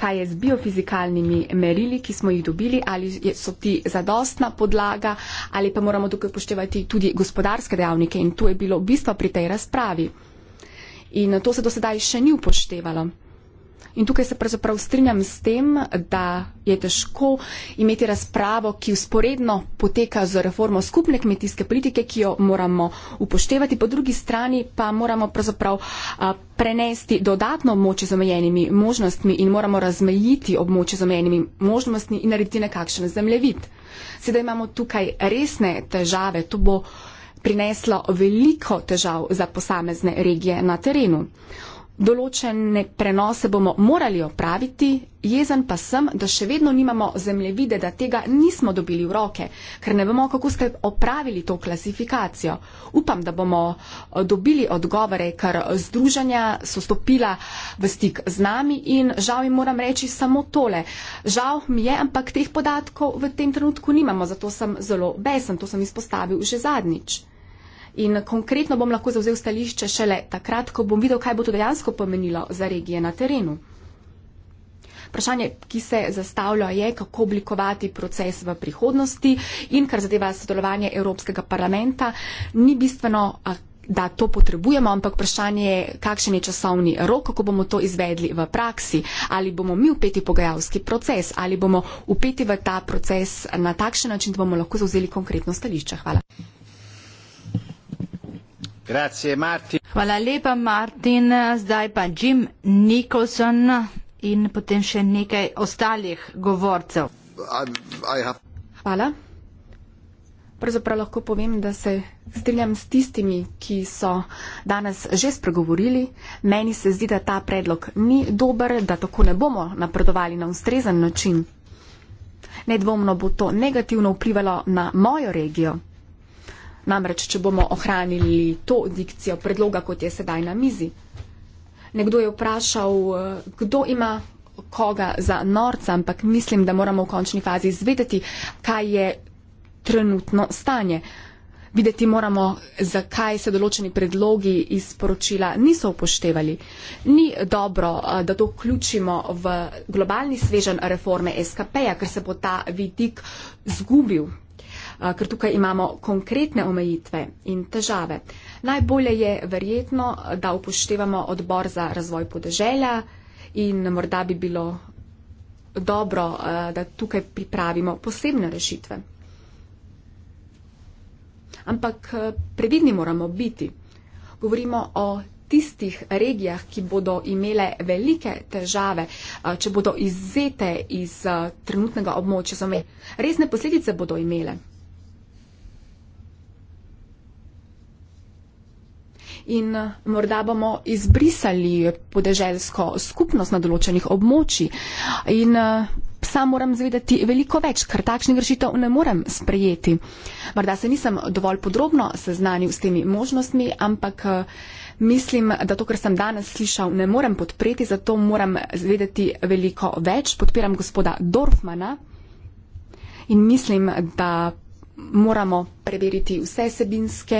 kaj je z biofizikalnimi merili, ki smo jih dobili, ali so ti zadostna podlaga, ali pa moramo tukaj upoštevati tudi gospodarske dejavnike in to je bilo bistvo pri tej razpravi. In to se do sedaj še ni upoštevalo. In tukaj se pravzaprav strinjam s tem, da je težko imeti razpravo, ki usporedno poteka z reformo skupne kmetijske politike, ki jo moramo upoštevati, po drugi strani pa moramo pravzaprav prenesti dodatno moče z omejenimi možnostmi in moramo razmejiti območje z omejenimi možnostmi in narediti nekakšen zemljevid. Sedaj imamo tukaj resne težave, to bo prineslo veliko težav za posamezne regije na terenu določene prenose bomo morali opraviti, jezen pa sem, da še vedno nimamo zemljevide, da tega nismo dobili v roke, ker ne vemo, kako ste opravili to klasifikacijo. Upam, da bomo eh, dobili odgovore, ker združanja so stopila v stik z nami in žal mi moram reči samo tole. Žal mi je, ampak teh podatkov v tem trenutku nimamo, zato sem zelo besen, to sem izpostavil že zadnjič. In konkretno bom lahko zauzel stališče šele takrat, ko bom videl, kaj bo to dejansko pomenilo za regije na terenu. Vprašanje, ki se zastavlja, je, kako oblikovati proces v prihodnosti in kar zadeva sodelovanje Evropskega parlamenta, ni bistveno, da to potrebujemo, ampak vprašanje je, kakšen je časovni rok, kako bomo to izvedli v praksi, ali bomo mi upeti pogajalski proces, ali bomo upeti v ta proces na takšen način, da bomo lahko zauzeli konkretno stališče. Hvala. Grazie, Martin. Hvala lepa, Martin. Zdaj pa Jim Nicholson in potem še nekaj ostalih govorcev. Hvala. Pravzaprav lahko povem, da se strinjam s tistimi, ki so danes že spregovorili. Meni se zdi, da ta predlog ni dober, da tako ne bomo napredovali na ustrezen način. Nedvomno bo to negativno vplivalo na mojo regijo. Namreč, če bomo ohranili to dikcijo predloga, kot je sedaj na mizi. Nekdo je vprašal, eh, kdo ima koga za norca, ampak mislim, da moramo v končni fazi izvedeti, kaj je trenutno stanje. Videti moramo, zakaj se določeni predlogi iz poročila niso upoštevali. Ni dobro, eh, da to vključimo v globalni svežen reforme SKP-ja, ker se bo ta vidik zgubil, ker tukaj imamo konkretne omejitve in težave. Najbolje je verjetno, da upoštevamo odbor za razvoj podeželja in morda bi bilo dobro, da tukaj pripravimo posebne rešitve. Ampak previdni moramo biti. Govorimo o tistih regijah, ki bodo imele velike težave, če bodo izzete iz trenutnega območja. Resne posledice bodo imele. in eh, morda bomo izbrisali podeželsko skupnost na določenih območji. In eh, sam moram zvedeti veliko več, ker takšni rešitev ne morem sprejeti. Morda se nisem dovolj podrobno seznanil s temi možnostmi, ampak eh, mislim, da to, kar sem danes slišal, ne morem podpreti, zato moram zvedeti veliko več. Podpiram gospoda Dorfmana. In mislim, da moramo preveriti vse sebinske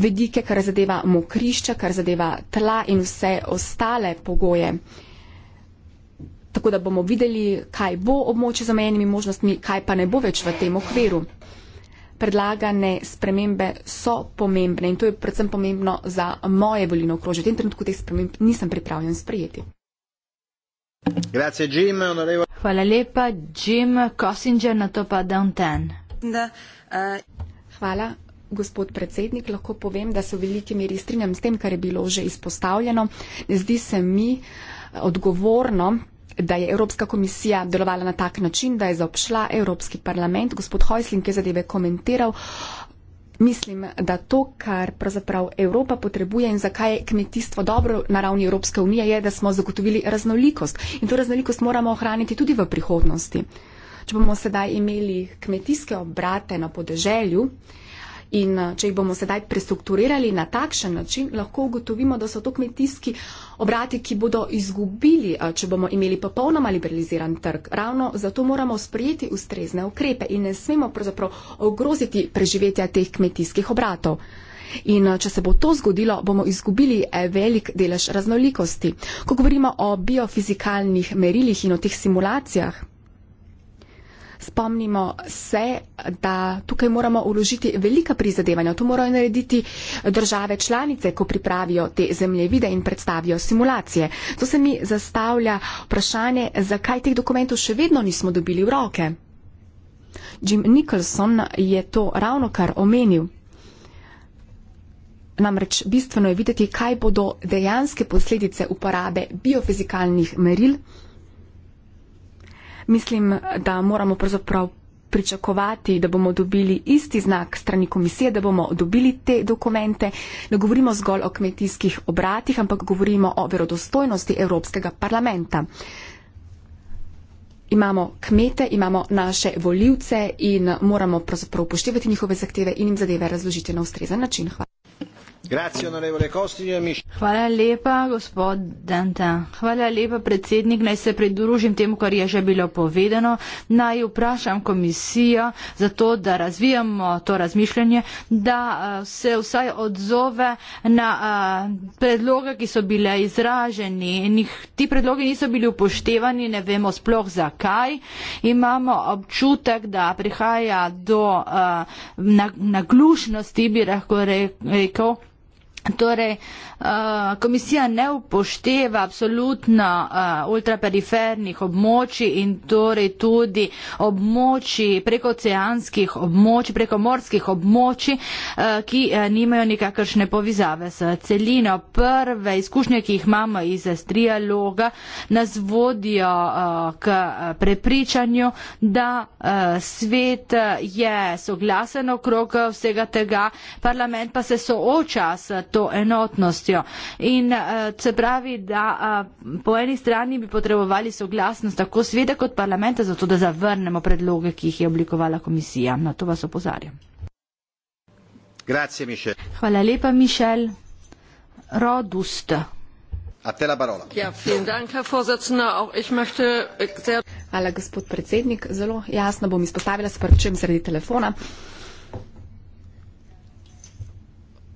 vedike, kar zadeva mokrišča, kar zadeva tla in vse ostale pogoje. Tako da bomo videli, kaj bo območje z omejenimi možnostmi, kaj pa ne bo več v tem okviru. Predlagane spremembe so pomembne in to je predvsem pomembno za moje volino okrožje. V tem trenutku teh sprememb nisem pripravljen sprejeti. Grazie, Jim, Hvala lepa, Jim Kossinger, na to pa Downton. Eh, Hvala, gospod predsednik. Lahko povem, da se v veliki meri strinjam s tem, kar je bilo že izpostavljeno. Ne zdi se mi eh, odgovorno da je Evropska komisija delovala na tak način, da je zaobšla Evropski parlament. Gospod Hojslin, ki je zadeve komentiral, mislim, da to, kar pravzaprav Evropa potrebuje in zakaj je kmetijstvo dobro na ravni Evropske unije, je, da smo zagotovili raznolikost. In to raznolikost moramo ohraniti tudi v prihodnosti. Če bomo sedaj imeli kmetijske obrate na podeželju in eh, če jih bomo sedaj prestrukturirali na takšen način, lahko ugotovimo, da so to kmetijski obrati, ki bodo izgubili, eh, če bomo imeli popolnoma liberaliziran trg. Ravno zato moramo sprijeti ustrezne ukrepe in ne smemo pravzaprav ogroziti preživetja teh kmetijskih obratov. In eh, če se bo to zgodilo, bomo izgubili velik delež raznolikosti. Ko govorimo o biofizikalnih merilih in o teh simulacijah, Spomnimo se, da tukaj moramo uložiti velika prizadevanja. To morajo narediti države članice, ko pripravijo te zemljevide in predstavijo simulacije. To se mi zastavlja vprašanje, zakaj teh dokumentov še vedno nismo dobili v roke. Jim Nicholson je to ravno kar omenil. Namreč bistveno je videti, kaj bodo dejanske posledice uporabe biofizikalnih meril mislim, da moramo pravzaprav pričakovati, da bomo dobili isti znak strani komisije, da bomo dobili te dokumente. Ne govorimo zgolj o kmetijskih obratih, ampak govorimo o verodostojnosti Evropskega parlamenta. Imamo kmete, imamo naše voljivce in moramo pravzaprav upoštevati njihove zahteve in jim zadeve razložiti na ustrezen način. Hvala. Hvala lepa, gospod Danta. Hvala lepa, predsednik. Naj se pridružim temu, kar je že bilo povedano. Naj vprašam komisijo za to, da razvijamo to razmišljanje, da eh, se vsaj odzove na eh, predloge, ki so bile izraženi. Nih, ti predlogi niso bili upoštevani, ne vemo sploh zakaj. Imamo občutek, da prihaja do eh, naglušnosti, bi lahko rekel. Torej, Eh, komisija ne upošteva absolutno uh, ultraperifernih območij in torej tudi območij preko oceanskih območij, preko morskih območij, uh, ki uh, nimajo nikakršne povezave s celino. Prve izkušnje, ki jih imamo iz trialoga, nas vodijo uh, k prepričanju, da uh, svet je soglasen okrog vsega tega, parlament pa se sooča s to enotnostjo dejavnostjo. In eh, se pravi, da eh, po eni strani bi potrebovali soglasnost tako sveda kot parlamenta, zato da zavrnemo predloge, ki jih je oblikovala komisija. Na to vas opozarjam. Grazie, Mišel. Hvala lepa, Mišel. Rodust. Ja, Hvala, gospod predsednik. Zelo jasno bom izpostavila, se pravi, čujem sredi telefona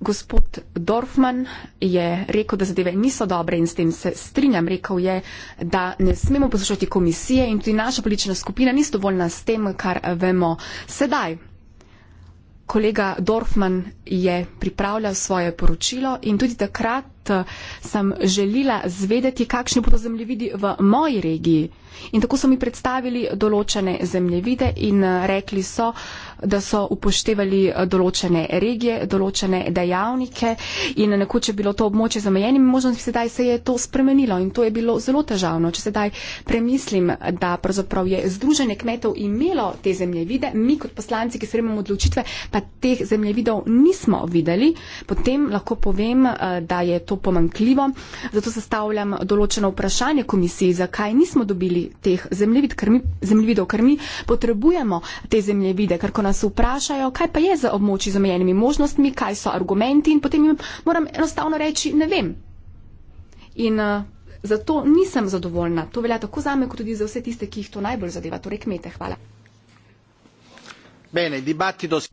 gospod Dorfman je rekel, da zadeve niso dobre in s tem se strinjam. Rekel je, da ne smemo poslušati komisije in tudi naša politična skupina ni dovoljna s tem, kar vemo sedaj. Kolega Dorfman je pripravljal svoje poročilo in tudi takrat eh, sem želela zvedeti, kakšni bodo zemljevidi v moji regiji. In tako so mi predstavili določene zemljevide in eh, rekli so, da so upoštevali eh, določene regije, določene dejavnike in nekoč je bilo to območje z omejenimi možnostmi, sedaj se je to spremenilo in to je bilo zelo težavno. Če sedaj premislim, da pravzaprav je Združenje kmetov imelo te zemljevide, mi kot poslanci, ki sprememo odločitve, pa teh zemljevidov nismo videli, potem lahko povem, eh, da je to pomankljivo. Zato sestavljam določeno vprašanje komisiji, zakaj nismo dobili teh zemljevid, ker mi, zemljevidov, ker mi potrebujemo te zemljevide, ker ko nas nas vprašajo, kaj pa je za območje z omejenimi možnostmi, kaj so argumenti in potem jim moram enostavno reči, ne vem. In uh, zato nisem zadovoljna. To velja tako zame, kot tudi za vse tiste, ki jih to najbolj zadeva, torej kmete. Hvala. Bene,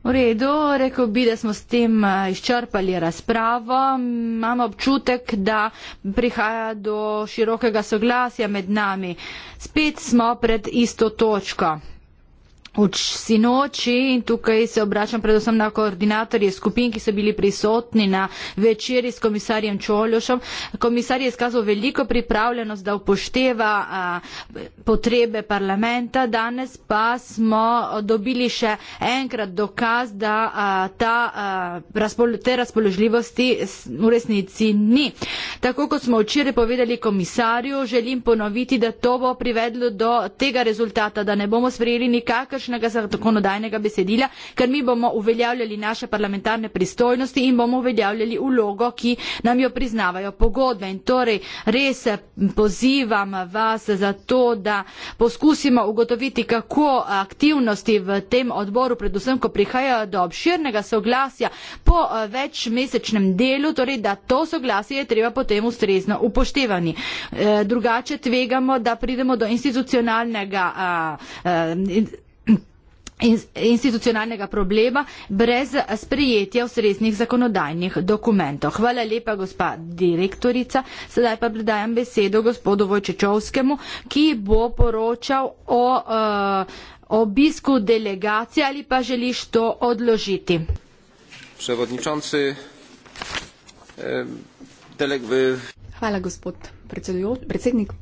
v redu, rekel bi, da smo s tem eh, izčrpali razpravo. Imam občutek, da prihaja do širokega soglasja med nami. Spet smo pred isto točko. Sinoči in tukaj se obračam predvsem na koordinatorje skupin, ki so bili prisotni na večeri s komisarjem Čoljošom. Komisar je izkazal veliko pripravljenost, da upošteva a, potrebe parlamenta. Danes pa smo dobili še enkrat dokaz, da a, ta, a, razpol te razpoložljivosti v resnici ni. Tako kot smo včeraj povedali komisarju, želim ponoviti, da to bo privedlo do tega rezultata, da ne bomo sprejeli nikakršnega nikakršnega zakonodajnega besedila, ker mi bomo uveljavljali naše parlamentarne pristojnosti in bomo uveljavljali ulogo, ki nam jo priznavajo pogodbe. In torej res eh, pozivam vas za to, da poskusimo ugotoviti, kako aktivnosti v tem odboru, predvsem, ko prihajajo do obširnega soglasja po eh, večmesečnem delu, torej da to soglasje je treba potem ustrezno upoštevati. Eh, drugače tvegamo, da pridemo do institucionalnega uh, uh, institucionalnega problema brez sprejetja ustreznih zakonodajnih dokumentov. Hvala lepa, gospa direktorica. Sedaj pa predajam besedo gospodu Vojčečovskemu, ki bo poročal o uh, obisku delegacije ali pa želiš to odložiti. Predsedujoči, eh, delegacija. Hvala, gospod predsednik.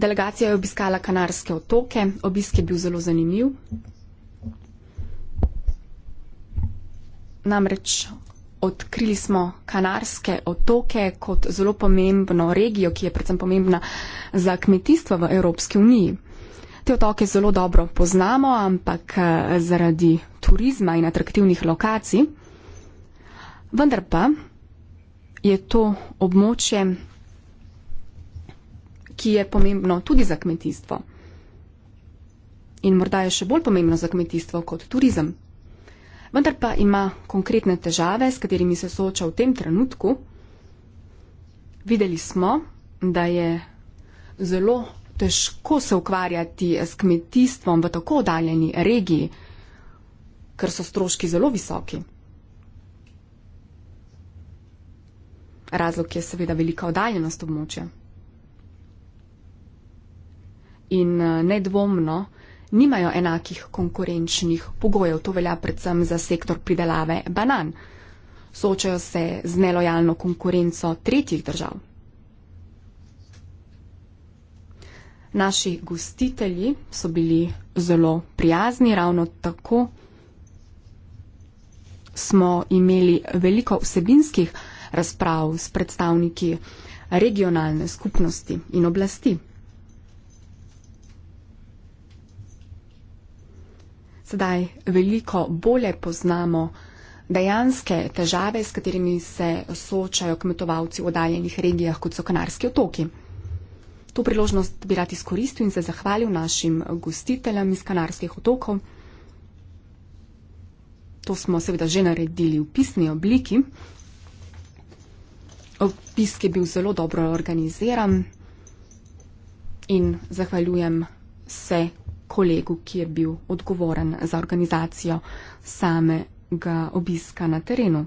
Delegacija je obiskala Kanarske otoke, obisk je bil zelo zanimiv. Namreč odkrili smo Kanarske otoke kot zelo pomembno regijo, ki je predvsem pomembna za kmetijstvo v Evropski uniji. Te otoke zelo dobro poznamo, ampak eh, zaradi turizma in atraktivnih lokacij. Vendar pa je to območje ki je pomembno tudi za kmetijstvo. In morda je še bolj pomembno za kmetijstvo kot turizem. Vendar pa ima konkretne težave, s katerimi se sooča v tem trenutku. Videli smo, da je zelo težko se ukvarjati s kmetijstvom v tako oddaljeni regiji, ker so stroški zelo visoki. Razlog je seveda velika oddaljenost območja in eh, nedvomno nimajo enakih konkurenčnih pogojev. To velja predvsem za sektor pridelave banan. Soočajo se z nelojalno konkurenco tretjih držav. Naši gostitelji so bili zelo prijazni, ravno tako smo imeli veliko vsebinskih razprav s predstavniki regionalne skupnosti in oblasti. sedaj veliko bolje poznamo dejanske težave, s katerimi se soočajo kmetovalci v oddaljenih regijah, kot so Kanarski otoki. To priložnost bi rad izkoristil in se zahvalil našim gostiteljem iz Kanarskih otokov. To smo seveda že naredili v pisni obliki. Obisk je bil zelo dobro organiziran in zahvaljujem se kolegu, ki je bil odgovoren za organizacijo samega obiska na terenu.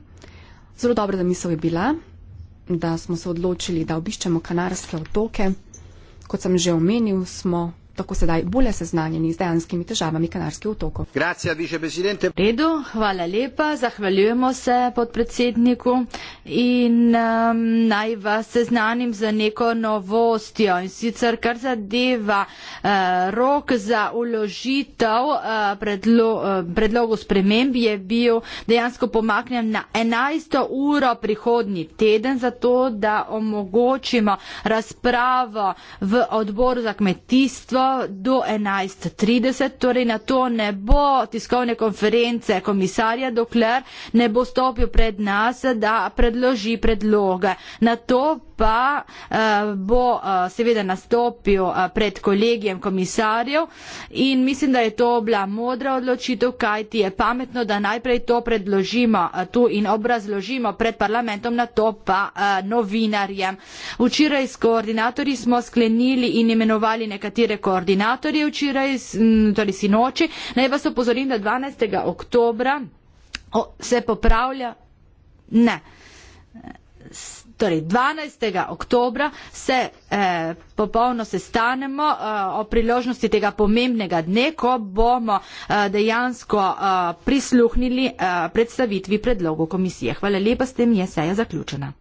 Zelo dobra zamisel je bila, da smo se odločili, da obiščemo Kanarske otoke. Kot sem že omenil, smo tako sedaj bolje seznanjeni z dejanskimi težavami Kanarskih otokov. Redu, hvala lepa, zahvaljujemo se podpredsedniku in um, naj vas seznanim za neko novostjo in sicer kar zadeva uh, rok za uložitev uh, predlo, uh, predlogu sprememb je bil dejansko pomaknjen na 11. uro prihodnji teden za to, da omogočimo razpravo v odboru za kmetijstvo do 11.30, torej na to ne bo tiskovne konference komisarja, dokler ne bo stopil pred nas, da predloži predloge. Na to pa eh, bo eh, seveda nastopil eh, pred kolegijem komisarjev in mislim, da je to bila modra odločitev, kaj ti je pametno, da najprej to predložimo eh, tu in obrazložimo pred parlamentom, na to pa eh, novinarjem. Včeraj s koordinatorji smo sklenili in imenovali nekatere koordinatorje, koordinator je včeraj, torej sinoči. Naj vas opozorim, da 12. oktobra se popravlja. Ne. Torej, 12. oktobra se eh, popolno sestanemo eh, o priložnosti tega pomembnega dne, ko bomo eh, dejansko eh, prisluhnili eh, predstavitvi predlogu komisije. Hvala lepa, s tem je seja zaključena.